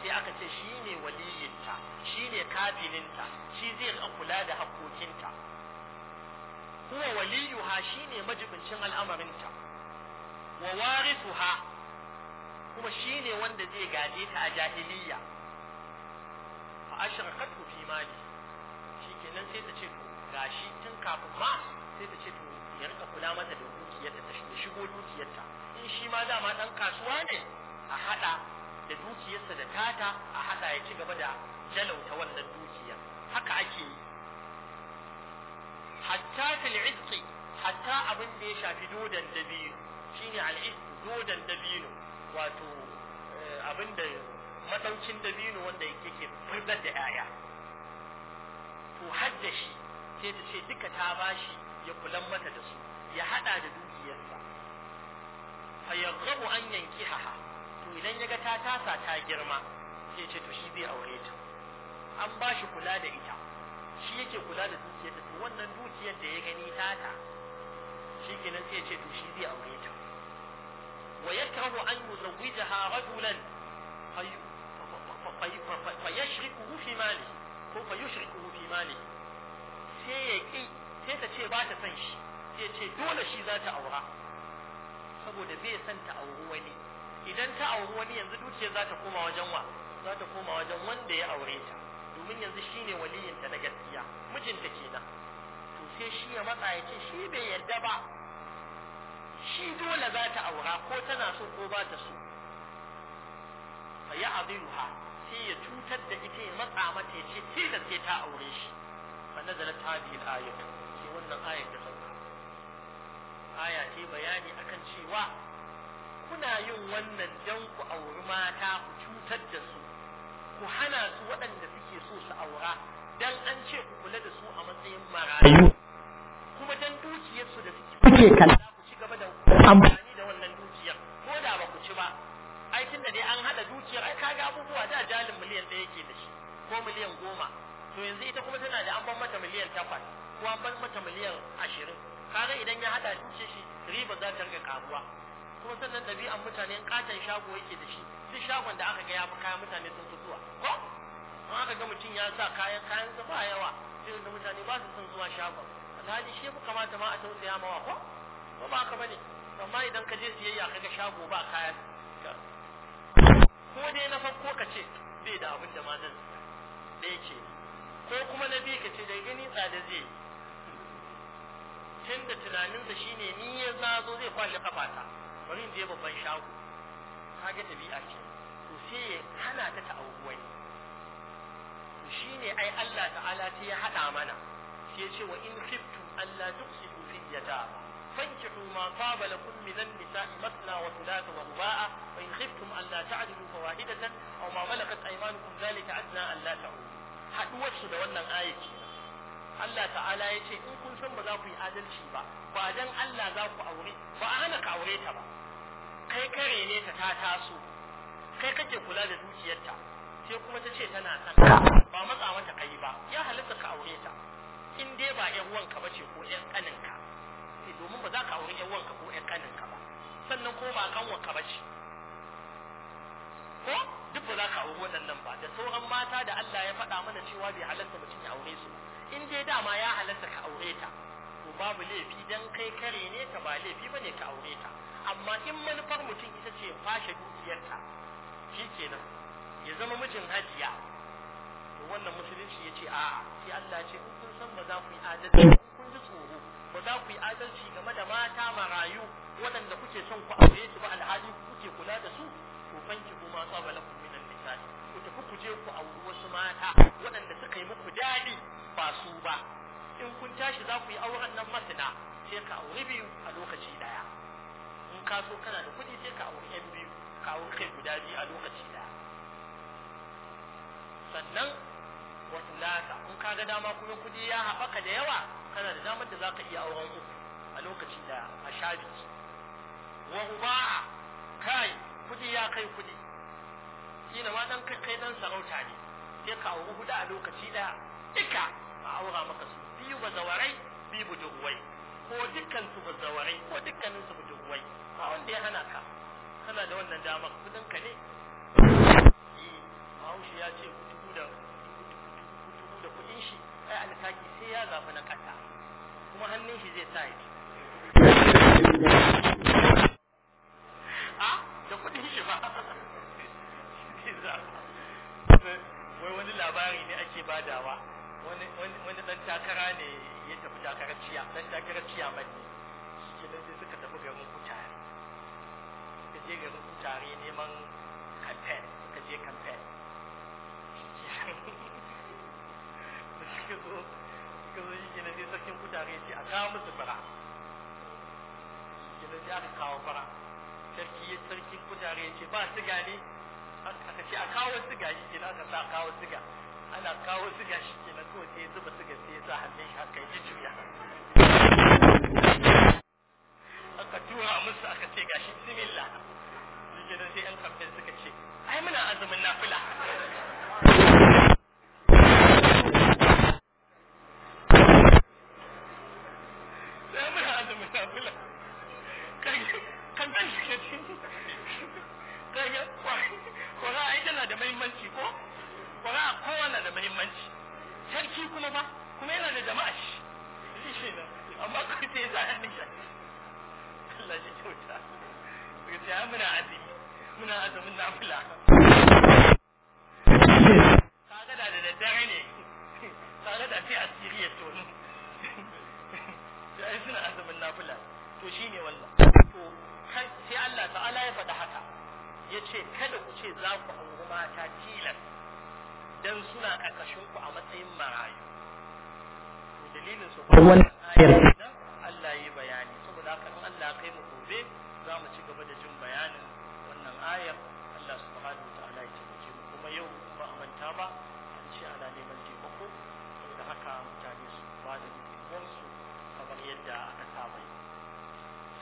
[SPEAKER 1] sai aka ce shi ne waliyinta shi ne kabilinta shi zai kula da haƙoƙinta kuma waliyuha shi ne majibincin al'amarinta wa warisuha kuma shi ne wanda zai gaje ta a jahiliya fa ashrakatu fi mali shikenan sai ta ce to gashi tun kafin ma sai ta ce to ya rika kula mata da dukiyarta ta shigo dukiyarta in shi ma dama dan kasuwa ne a hada da dukiyarsa da tata a hada ya ci gaba da jalauta wannan dukiya haka ake yi hatta fil izqi hatta abin da ya shafi dodan dabino shine al dodan dabino wato eh, abin da madaukin dabino wanda yake furzar da yaya to hadda shi sai ta ce duka ta bashi ya kulan mata da su ya hada da dukiyarsa fa yarghabu an yankihaha to idan yaga ta tasa ta girma sai ce to shi zai aure ta an ba shi kula da ita shi yake kula da wannan dukiyar da ya gani tata shi kenan sai ce to shi zai aure ta wa yakrahu an yuzawwijaha rajulan fa yashriku fi mali ko fa yushriku fi mali sai ya sai ta ce ba ta son shi sai ce dole shi za ta aura saboda bai san ta auri wani idan ta auri wani yanzu duke za ta koma wajen wa za ta koma wajen wanda ya aure ta domin yanzu shine waliyinta na gaskiya mijinta kenan to sai shi ya matsa ya ce shi bai yarda ba shi dole za ta aura ko tana so ko ba ta so fa ya abiruha sai ya cutar da ita ya matsa mata ya ce da sai ta aure shi fa nazalat hadhihi al-ayatu wannan ayar ta aya ce bayani akan cewa kuna yin wannan dan ku auri mata ku cutar da su ku hana su waɗanda suke so su aura
[SPEAKER 3] dan an ce ku kula da su a matsayin marayu kuma dan
[SPEAKER 1] dukiyarsu da suke kala ku ci gaba da amfani da wannan dukiyar ko da ba ku ci ba ai tunda dai an hada dukiyar ai kaga abubuwa da jalin miliyan ɗaya yake da shi ko miliyan goma to yanzu ita kuma tana da an ban mata miliyan takwas kuwa ban mata miliyan ashirin kaga idan ya haɗa ce shi riba za ta rika karuwa kuma sannan ɗabi'an mutane katon shago yake da shi duk shagon da aka ga ya fi kayan mutane sun fi zuwa ko An aka ga mutum ya sa kayan kayan ba yawa sai da mutane ba su son zuwa shagon alhali shi ku kamata ma a tausaya mawa ko ko ba haka bane amma idan ka je siyayya ka ga shago ba kayan ko dai na farko ka ce bai da abin da ma zan
[SPEAKER 3] ɗaya ce ko kuma na biyu ka ce da gani tsada zai yi
[SPEAKER 1] mutum da tunanin da shine ni ya zazo zai kwashe kafata bari in je babban shago kage tabi'a ce to sai hana ta ta abubuwai
[SPEAKER 2] shine ai Allah ta'ala
[SPEAKER 1] sai ya haɗa mana sai ya ce wa in khiftu alla tuqsitu fi yata fankihu ma taba lakum min an-nisa'i matna wa thulatha wa ruba'a wa in khiftum alla ta'dilu fawahidatan aw ma malakat aymanukum dhalika adna alla ta'u haduwar su da wannan ayati Allah ta'ala ya ce in kun san ba za ku yi adalci ba ba dan Allah za ku aure ba a hana ka aure ta ba kai kare ne ta ta taso kai kake kula da dukiyarta sai kuma ta ce tana san ba matsa mata kai ba ya halitta ka aure ta in dai ba ƴan wanka ka bace ko ƴan ƙaninka sai eh, domin ba za ka aure ƴan wanka ko ƴan ƙaninka ba sannan ko ba kan wanka ba ce ko duk ba za ka aure waɗannan ba da sauran mata da Allah ya faɗa mana cewa bai halatta mutum ya aure su in dai dama ya halatta ka aure ta to babu laifi dan kai kare ne ka ba laifi bane ka aure ta amma in manufar mutum ita ce fashe dukiyarta shikenan ya zama mijin hajiya to wannan musulunci ya ce a sai Allah ce in kun san ba za ku yi adalci kun ji tsoro ba za ku yi adalci game da mata marayu waɗanda kuke son ku aure su ba alhali kuke kula da su to fanki kuma sabalakum minan nisa'i ku tafi ku je ku auri wasu mata waɗanda suka yi muku daɗi ba su ba in kun tashi za ku yi auren nan masana sai ka auri biyu a lokaci ɗaya in ka so kana da kuɗi sai ka auri ƴan biyu ka auri kai guda biyu a lokaci ɗaya sannan wasu lata in ka ga dama kuma kuɗi ya haɓaka da yawa kana da damar da za ka iya auren uku a lokaci ɗaya a sha wa ba kai kuɗi ya kai kuɗi kila ma dan kai dan sarauta ne sai ka auri huda a lokaci daya ika a aura maka su biyu ba zawarai biyu budurwai ko dukkan su ba zawarai ko dukkan su budurwai ba wanda ya hana ka kana da wannan damar kudin ka ne eh, Bahaushe ya ce kutubu da kutubu da kudin shi ai alkaki sai ya zafi na kasa kuma hannun shi zai sa yake (laughs) a ah, da kudin shi ba (laughs) sa wai wani labari ne ake badawa wani dan takara ne ya tafi takarar ciya dan takarar ciya mai shi dan sai suka tafi garin kutare suka je garin kutare neman campaign suka je campaign
[SPEAKER 3] suka
[SPEAKER 1] zo suka zo shi kenan sai sarkin kutare ya ce a kawo musu fara shi kenan sai aka kawo fara sarki sarkin kutare ya ce ba su gane aka ce a kawo siga shi kenan aka sa kawo siga ana kawo siga shi kenan ko sai zuba siga sai ya sa hannun shi haka ya juya aka tura musu aka ce gashi bismillah shi kenan sai yan kamfen suka ce ai muna azumin nafila kan kan shi ƙwara ai tana da muhimmanci ko ƙwara kowa na da muhimmanci sarki kuma ba kuma yana da jama'a shi shi ne amma ku sai za a nisha Allah shi kyauta ku sai muna azumi muna azumin na nafila
[SPEAKER 3] kaga da da daddare ne kaga da sai asiri ya tonu sai suna azumin na nafila to
[SPEAKER 1] shine wannan to sai Allah ta'ala ya faɗa haka ya ce kada ku ce za ku hangu mata tilas dan suna ƙarƙashin ku a matsayin marayu dalilin su kuma ayar
[SPEAKER 3] Allah ya bayani saboda haka in Allah kai mu gobe za mu ci gaba da jin bayanin
[SPEAKER 1] wannan ayar Allah subhanahu wa ta'ala ya taimake mu kuma yau ba a manta ba an ce ana neman taimako saboda haka mutane su ba da su kamar yadda aka saba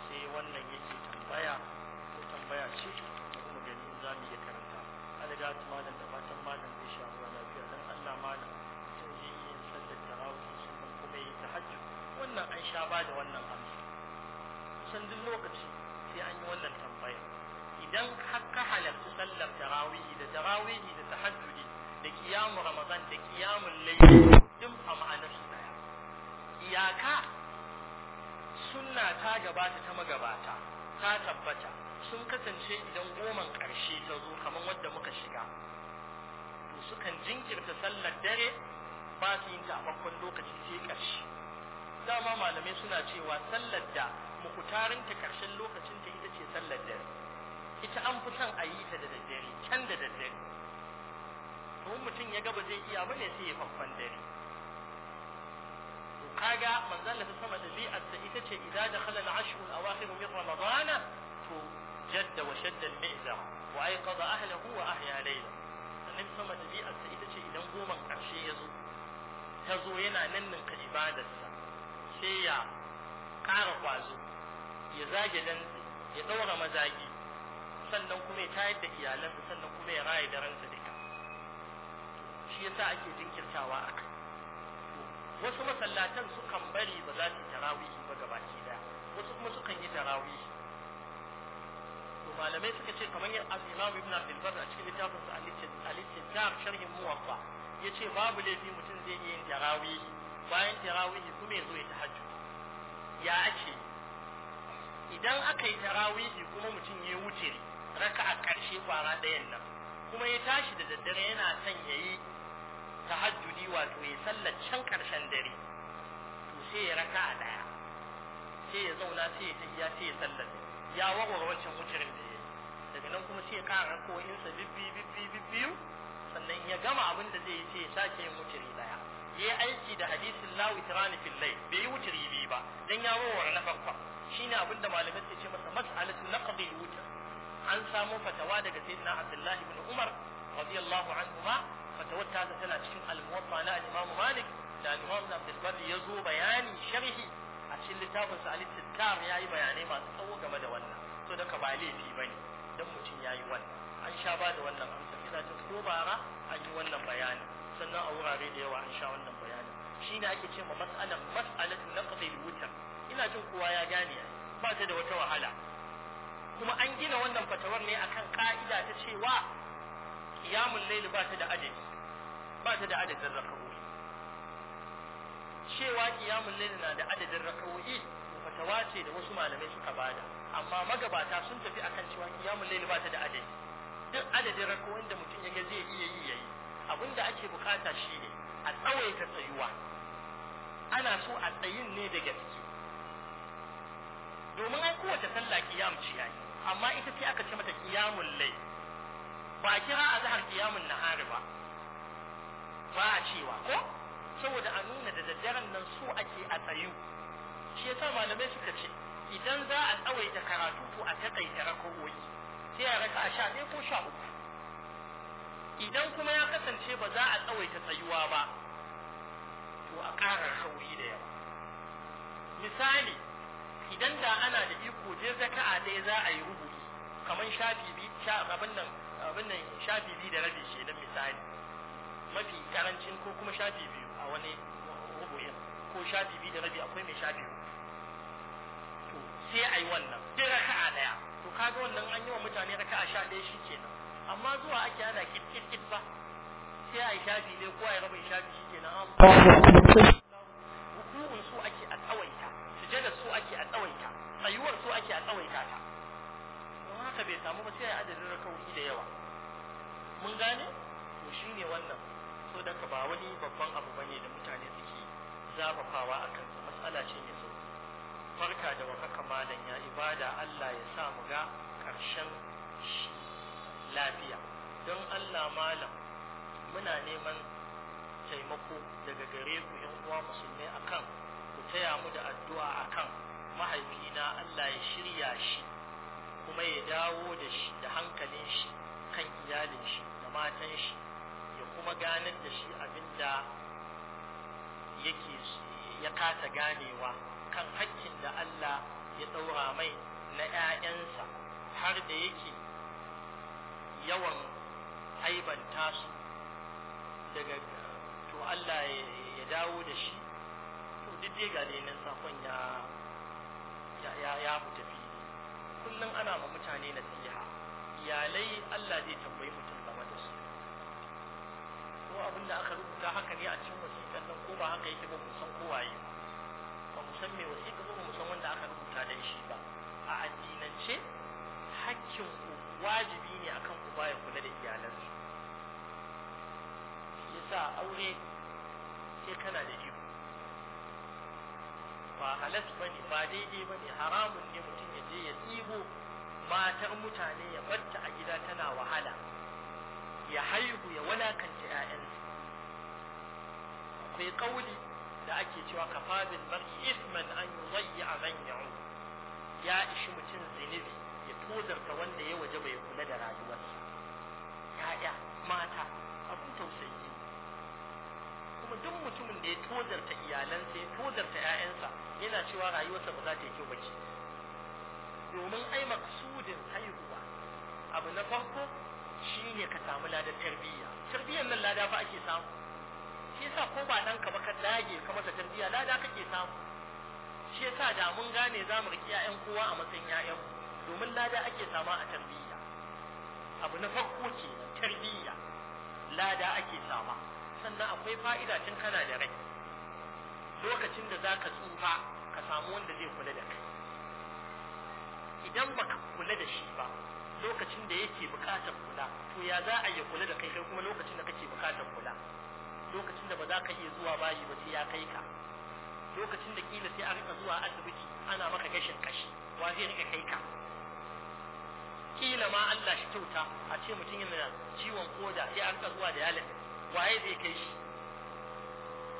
[SPEAKER 1] sai wannan yake tambaya ko tambaya ce za mu iya karanta malam da malam zai sha ruwa lafiya dan Allah malam yi yin sallar tarawih sannan kuma yi wannan an sha ba da wannan amsa duk lokaci sai an yi wannan tambaya idan har halarci sallar tarawih da tarawih da tahajjudi da kiyamu ramadan da kiyamun layli duk a ma'anar su daya iyaka sunna ta gabata ta magabata ta tabbata sun kasance idan goman ƙarshe ta zo kamar wadda muka shiga to sukan jinkirta sallar dare ba su yin ta lokaci sai ƙarshe dama malamai suna cewa sallar da ta ƙarshen lokacin ta ita ce sallar dare ita an fi son a yi ta da daddare can da daddare domin mutum ya gaba zai iya bane sai ya faffan dare kaga manzon Allah ta sama dabi'ar ita ce idza da al-ashr al-awakhir min ramadana to جد وشد المئزر وأيقظ أهله وأحيا ليله annabi sama ɗabi'arsa ita ce idan goman ƙarshe ya zo ta zo yana nanninka ibadarsa sai ya ƙara ƙwazo ya zage dantse ya ɗaura mazagi sannan kuma ya tayar da iyalansa sannan kuma ya raye da ransa duka shi yasa a kai wasu masallatan sukan bari ba za su tarawihi ba gabaki daya wasu kuma sukan yi tarawihi malamai suka ce kamar yin al-imam ibn abdul barr a cikin littafin sa al-istidam sharhin muwaffa yace babu laifi mutum zai yi tarawih bayan tarawih kuma yazo ya tahajjud ya ake idan aka yi tarawihi kuma mutum ya wuce raka'a karshe kwara ɗayan nan kuma ya tashi da daddare yana son yayi tahajjudi wato ya sallar can karshen dare to sai ya raka'a daya sai ya zauna sai ya tafiya sai ya sallar ya warware wancan wucirin da nan kuma sai ya kara rako'insa bibbi bibbi bibbiyu sannan ya gama abin da zai yi ce ya sake yin wuturi daya yayi aiki da hadisin la witrani fil bai yi wuturi bi ba dan ya warware na farko shine abin da malamai ke ce masa mas'alatu naqdi wutr an samu fatawa daga sayyidina Abdullahi ibn Umar radiyallahu anhuma fatawarta ta tana cikin al na al-Imam Malik da al-Imam Abdul Barri yazo bayani sharhi a cikin littafin sa al ya yayi bayanai masu tsawo game da wannan so daga ba laifi bane idan mutum ya yi wani, an sha ba da wannan amsa ina jin ko bara an yi wannan bayani sannan a wurare da yawa an sha wannan bayani shi ne ake ce ma mas'alan na naqdi wutar ina jin kowa ya gane ba ta da wata wahala kuma an gina wannan fatawar ne akan ka'ida ta cewa qiyamul layl ba ta da adadi ba ta da adadin rakawoyi cewa qiyamul layl na da adadin rakawoyi fatawa ce da wasu malamai suka bada amma magabata sun tafi akan cewa kiyamun layl ba ta da adadi duk adadin rako wanda mutum ya ga zai iya yi yayi abinda ake bukata shine a tsawaita tsayuwa ana so a tsayin ne da gaske domin ai kowace sallah qiyam ya yi, amma ita ce aka ce mata kiyamul layl ba a kira a zahar kiyamun nahari ba ba a cewa ko saboda a nuna da daddaren nan so ake a tsayu shi yasa malamai suka ce idan za a tsawaita karatu ko a taƙaita rakawoyi sai a raka a sha ɗaya ko sha uku idan kuma ya kasance ba za a tsawaita tsayuwa ba to a ƙara rahawoyi da yawa misali idan da ana da iko je zaka'a ɗaya za a yi rubutu kamar shafi biyu abin nan abin nan shafi biyu da rabi shi dan misali mafi karancin ko kuma shafi biyu a wani rubuyin ko shafi biyu da rabi akwai mai shafi biyu sai a yi wannan duk raka'a daya to kaga wannan an yi wa mutane raka'a sha ɗaya shi kenan amma zuwa ake ana kit
[SPEAKER 3] ba sai a yi shafi ne ko a yi rabin shafi shi kenan hukumun su ake a tsawaita
[SPEAKER 1] jada su ake a tsawaita tsayuwar su ake a tsawaita ta don haka bai samu ba sai a adadin rakawoyi da yawa mun gane to ne wannan so daga ba wani babban abu bane da mutane suke zafafawa akan matsala ce ne farka da warhaka malam ya ibada Allah ya sa mu ga ƙarshen lafiya don Allah malam muna neman taimako daga gare ku yan uwa musulmi akan ku taya mu da addu'a akan mahaifina Allah ya shirya shi kuma ya dawo da shi da hankalin shi kan iyalin shi da matan shi ya kuma ganar da shi abinda yake ya kasa ganewa akan hakkin da Allah ya ɗaura mai na ‘ya'yansa har da yake yawan aibanta su daga to Allah ya dawo da shi to duk ga dai nan sakon ya ya ya fili kullum ana ma mutane na nasiha iyalai Allah zai tambayi mutum game da su ko abin da aka rubuta haka ne a cikin wasiƙan nan ko ba haka yake ba san waye. san mai wasiƙa ko mu san wanda aka rubuta dan shi ba a addinance hakkin wajibi ne akan ku ya kula da iyalansu yasa aure sai kana da iko ba halas ba ba daidai ba haramun ne mutum ya je ya tsibo matar mutane ya barta a gida tana wahala ya haihu ya wadakanta 'ya'yansa akwai kauli da ake cewa kafa mar'i isman an yudayya man ya'ud ya ishi mutum zinubi ya tozarta wanda ya waje bai kula da rayuwarsa ya'ya mata abun tausayi kuma duk mutumin da ya tozarta iyalansa ya tozarta 'ya'yansa yana cewa rayuwarsa ba za ta yi kyau ba domin ai maksudin haihuwa abu na farko shine ka samu ladar tarbiyya tarbiyyar nan lada fa ake samu shi yasa ko ba nan ba ka dage ka masa tarbiyya lada kake samu shi yasa da mun gane za mu riƙi 'ya'yan kowa a matsayin 'ya'yan domin lada ake sama a tarbiyya abu na farko ce tarbiyya lada ake sama sannan akwai fa'ida tun kana da rai lokacin da za ka tsufa ka samu wanda zai kula da kai idan ba ka kula da shi ba lokacin da yake bukatar kula to ya za a yi kula da kai kai kuma lokacin da kake bukatar kula lokacin da ba za ka iya zuwa bayi ba sai ya kai ka lokacin da kila sai a rika zuwa asibiti ana maka gashin kashi wa zai rika kai ka kila ma Allah shi kyauta a ce mutum yana ciwon koda sai an ka zuwa da yalin waye zai kai shi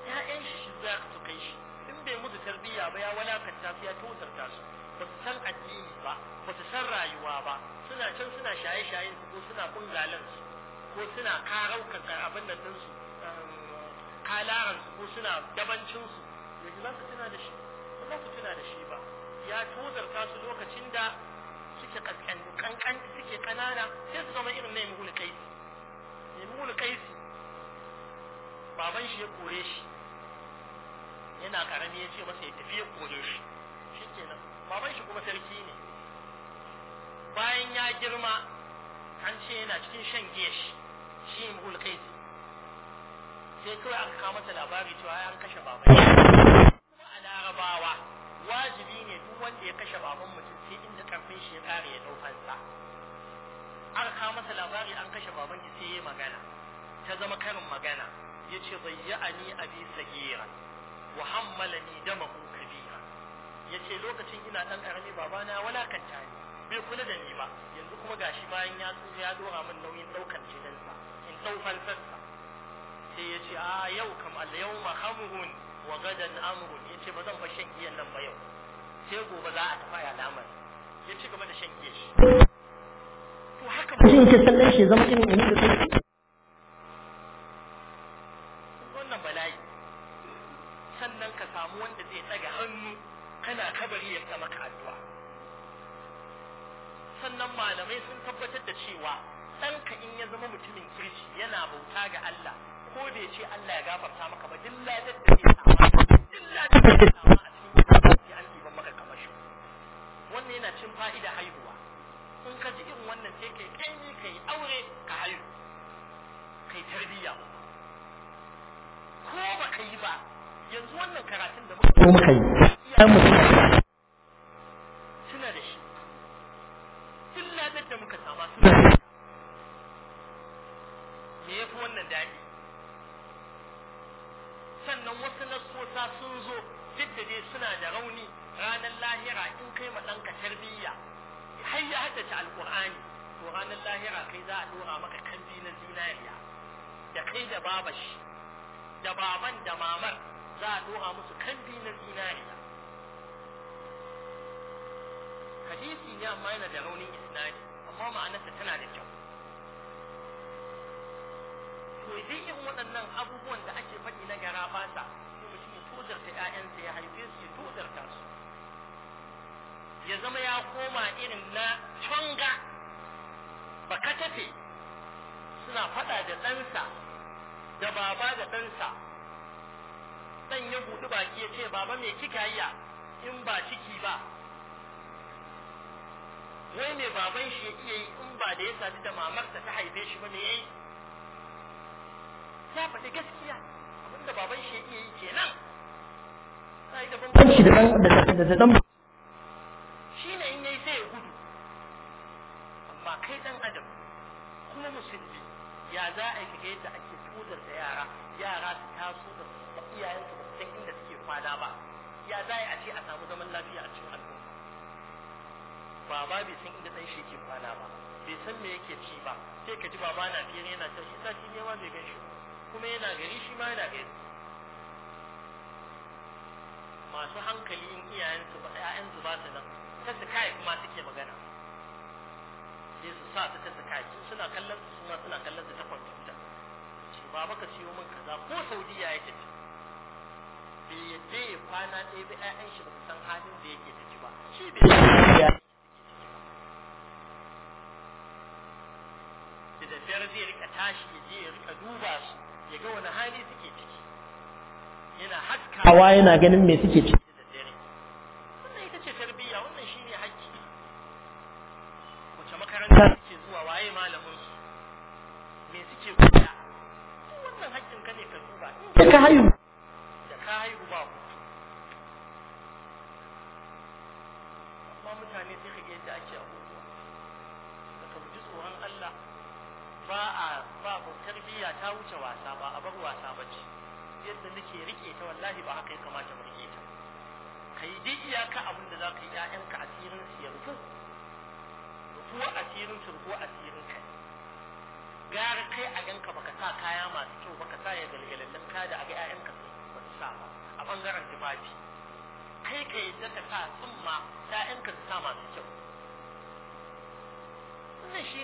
[SPEAKER 1] ya'yan shi shi za su kai shi in bai musu tarbiyya ba ya walakanta su ya tozarta su ba su san addini ba ba su san rayuwa ba suna can suna shaye shaye su ko suna kungalan ko suna karaukan abin da ɗinsu kalaransu ko suna su yanzu za ka tuna da shi ba za ku tuna da shi ba ya tozarta su lokacin da suke kankan suke kanana sai su zama irin mai mulu kai mai kai su baban shi ya kore shi yana karami ya ce masa ya tafi ya kore shi shikenan baban shi kuma sarki ne bayan ya girma an ce yana cikin shan giya shi shi kai su. sai kawai aka kawo masa labari cewa an kashe baban kuma a larabawa wajibi ne duk wanda ya kashe baban mutum sai inda karfin shi ya kare ya ɗaukan aka kawo masa labari an kashe baban shi sai ya magana ta zama karin magana ya ce a abi sagira wa hammalani damahu kabira ya ce lokacin ina ɗan ƙarami babana walakanta ne bai kula da ni ba yanzu kuma gashi bayan ya ya dora min nauyin ɗaukan jininsa in ɗaukan sassa sai ya ce a yau kam al-yawma khamrun wa gadan amrun ya ce ba zan ba shan giyan nan ba yau sai gobe za a tafi al'amari ya ci gaba da shan giya shi to haka mutum ke sallar shi zama
[SPEAKER 3] irin ne da sallar
[SPEAKER 1] wannan bala'i sannan ka samu wanda zai daga hannu kana kabari ya ta maka addu'a sannan malamai sun tabbatar da cewa ɗanka in ya zama mutumin kirki yana bauta ga Allah ko bai ce Allah ya gafarta maka ba dilla da dilla a cikin an ban maka kamar wannan yana cin fa'ida haihuwa in ka ji irin wannan sai kai kanyi kai aure ka haihu kai tarbiyya ko ba ka yi ba yanzu wannan karatun da
[SPEAKER 3] muka yi
[SPEAKER 1] sannan wasu nassota sun zo duk da dai suna da rauni ranar lahira in kai ma ɗanka tarbiyya har ya haddace alƙur'ani to ranar lahira kai za a dora maka kandi na zinariya da kai da babashi da baban da mamar za a dora musu kandi na zinariya hadisi ne amma yana da raunin isnadi amma ma'anarsa tana da kyau to irin waɗannan abubuwan da ake faɗi na gara ba sa to mutum ya tozarta ƴaƴansa ya haife su ya ta su ya zama ya koma irin na conga ka tafe suna faɗa da ɗansa da baba da ɗansa ɗan ya buɗi baki ya ce baba mai kika yi in ba ciki ba wai me baban shi ya iya yi in ba da ya sadu da mamarsa ta haife shi ba me yi? ya
[SPEAKER 3] faɗi gaskiya da baban shi yake yi kenan sai da bambanci da dan da da dan
[SPEAKER 1] shine in yayi sai ya gudu amma kai dan adam kuma musulmi ya za a yi ga yadda ake tudar da yara yara su taso da iyayensu ba san inda suke kwana ba ya za a yi a ce a samu zaman lafiya a cikin al'umma baba bai san inda dan shi ke kwana ba bai san me yake ci ba sai ka ji baba na fiye yana ta shi sa shi ne ma bai gan shi ba kuma yana gari shi ma yana gari masu hankali in iyayensu ba ƴaƴansu ba su nan ta sky kuma suke magana sai su sa su ta sky su suna kallon su suna suna kallon su ta kwamfuta su ba maka siyo min kaza ko saudiya ya ci bai yadda ya kwana ɗaya ba ƴaƴan shi ba su san halin da yake ciki ba shi bai da daddare zai rika tashi ya je ya rika duba su ya ga wani hali suke ciki
[SPEAKER 3] yana haskawa yana ganin me suke ciki makaranta suke zuwa waye malamin su me suke kuɗa wannan haƙƙin ka ne
[SPEAKER 1] ka duba in ka haihu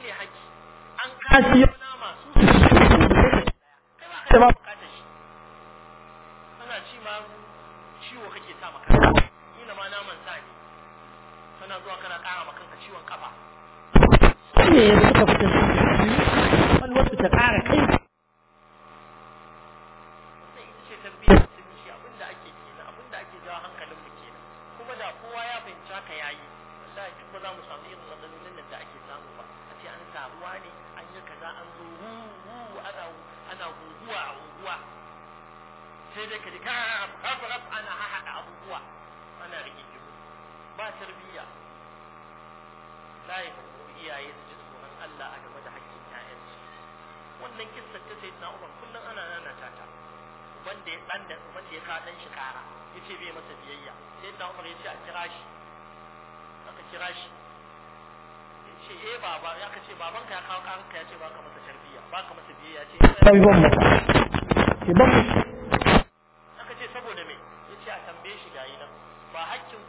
[SPEAKER 1] shine haƙƙi
[SPEAKER 3] an kasiyo
[SPEAKER 1] raf raf ana haɗa abubuwa ana rigingimu ba tarbiyya layin ko iyaye su ji tsoron Allah a game da haƙƙin ƴaƴansu wannan kissa ta sai na Umar kullum ana nanata ta wanda ya dan da wanda ya ka dan shi kara yace bai masa biyayya sai na Umar yace a kira shi aka kira shi yace eh baba ya ka ce babanka ya kawo karanka yace baka masa tarbiyya baka masa biyayya ce
[SPEAKER 3] sai ban masa ke ban
[SPEAKER 1] mai ya yace a tambaye shi gayi nan ba hakkin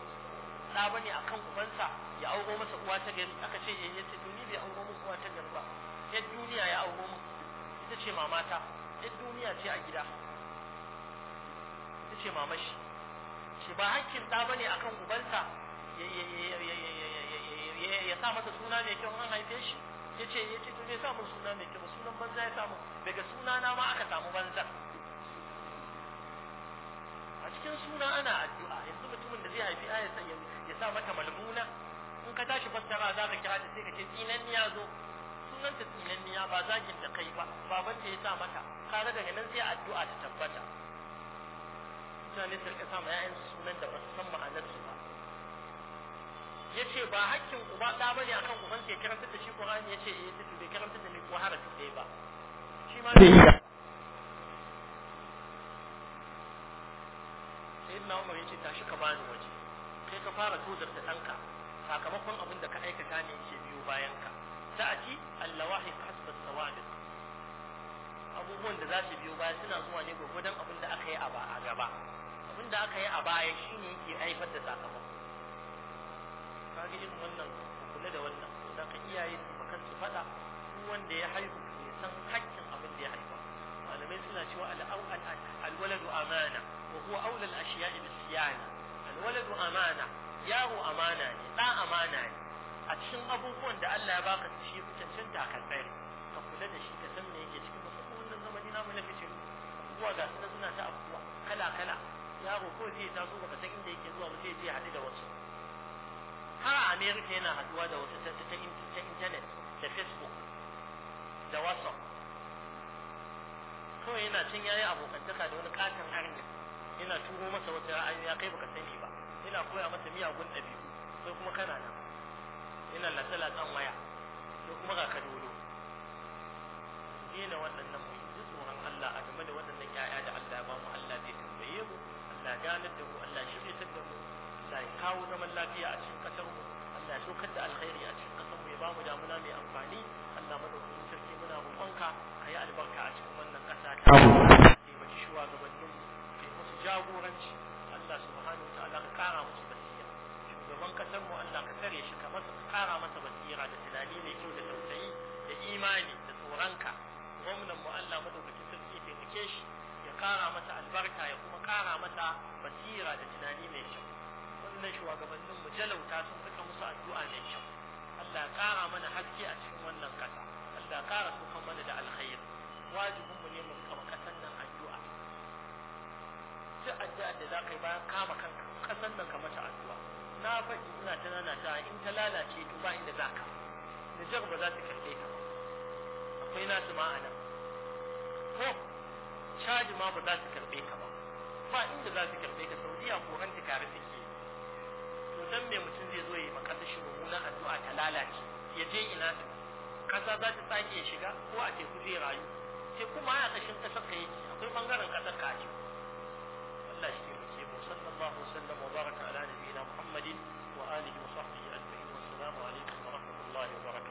[SPEAKER 1] da bane akan ubansa ya auro masa uwa ta gari aka ce yayin yace to ni bai auro masa uwa ta gari ba yar duniya ya auro mu ita ce mamata yar duniya ce a gida ita ce mamashi shi ba hakkin da bane akan ubansa ya sa masa suna mai kyau an haife shi yace ce to zai sa mun suna mai kyau sunan banza ya samu daga na ma aka samu banza cikin suna ana addu'a yanzu mutumin da zai haifi aya sai ya sa mata malmuna in ka tashi fassara za ka kira ta sai ka ce tsinanniya zo sunan ta tsinanniya ba zakin ta kai ba baban ta ya sa mata ka daga nan sai addu'a ta tabbata mutane su rika sa ma ƴaƴan sunan da ba su san ma'anar su ba yace ba hakkin uba da bane akan uban ke karanta da shi Qur'ani yace eh to bai karanta da ni ko harafi ɗaya ba shi ma sayyidina umar yace tashi ka bani waje kai ka fara tozar da danka sakamakon abin da ka aikata ne yake biyu bayan ka ta'ati allawahi hasba sawabiq abubuwan da za su biyo baya suna zuwa ne gwagwadon abin da aka yi a gaba abin da aka yi a baya shine yake haifar da sakamako kaga irin wannan kula da wannan da ka iyaye su bakan su faɗa wanda ya haihu ya san hakkin abin da ya haifa malamai suna cewa al'au al'ad alwaladu وهو أولى الأشياء بالصيانة الولد أمانة ياهو أمانة لا أمانة أتشن أبوكم دا ألا da تشير تنشن دا كالبير فقل لدى شيء كسمني يجب مصبوه من الزمن نام نفتر أبوه دا سنة سنة أبوه كلا كلا yaro ko zai taso baka san inda yake zuwa ba zai je da wasu har a america yana haɗuwa da wasu ta internet da facebook da whatsapp kawai yana cin yayi abokantaka da wani katon arni ina turo masa wata ra'ayi ya kai baka sani ba ina koya masa miyagun ɗabi'u sai kuma kana nan ina latsala kan waya sai kuma ga kadolo dena waɗannan mu ji tsoron Allah a game da waɗannan ƴaƴa da Allah ya ba mu Allah zai tambaye mu Allah ganar da mu Allah zai tabbata mu Allah ya kawo zaman lafiya a cikin ƙasar mu Allah ya shokar da alkhairi a cikin ƙasar mu ya ba mu damuna mai amfani Allah madaukakin sarki muna roƙonka ka yi albarka a cikin wannan ƙasa ta mu. ba shi shuwa gabanin mu jagoranci Allah subhanahu wa ta'ala ka kara musu basira shugaban kasar mu Allah ka tare shi ka masa kara masa basira da tunani mai kyau da tausayi da imani da tsoronka gwamnan mu Allah madaukakin sarki taimake shi ya kara masa albarka ya kuma kara masa basira da tunani mai kyau wannan shugabannin mu jalauta sun rika musu addu'a mai kyau Allah ya kara mana haske a cikin wannan kasa Allah ya kara su mana da alkhairi wajibin mu ne mu kama duk addu'a da za ka yi bayan kama kanka kasan nan ka mata addu'a na faɗi ina ta nanata in ta lalace to ba inda za ka jar ba za ta karɓe ka ba akwai na su a nan ko caji ma ba za ta karɓe ka ba ba inda za ta karɓe ka saudiya ko ranta kare take to dan me mutum zai zo ya yi makasa shi mummunan addu'a ta lalace ya je ina ta kasa za ta sake shiga ko a teku zai rayu teku ma a ƙashin ƙasar ka yake akwai ɓangaren ƙasar ka a cikin. الله شيء نصيبه صلى الله وسلم وبارك على نبينا محمد وآله وصحبه أجمعين والسلام عليكم ورحمة الله وبركاته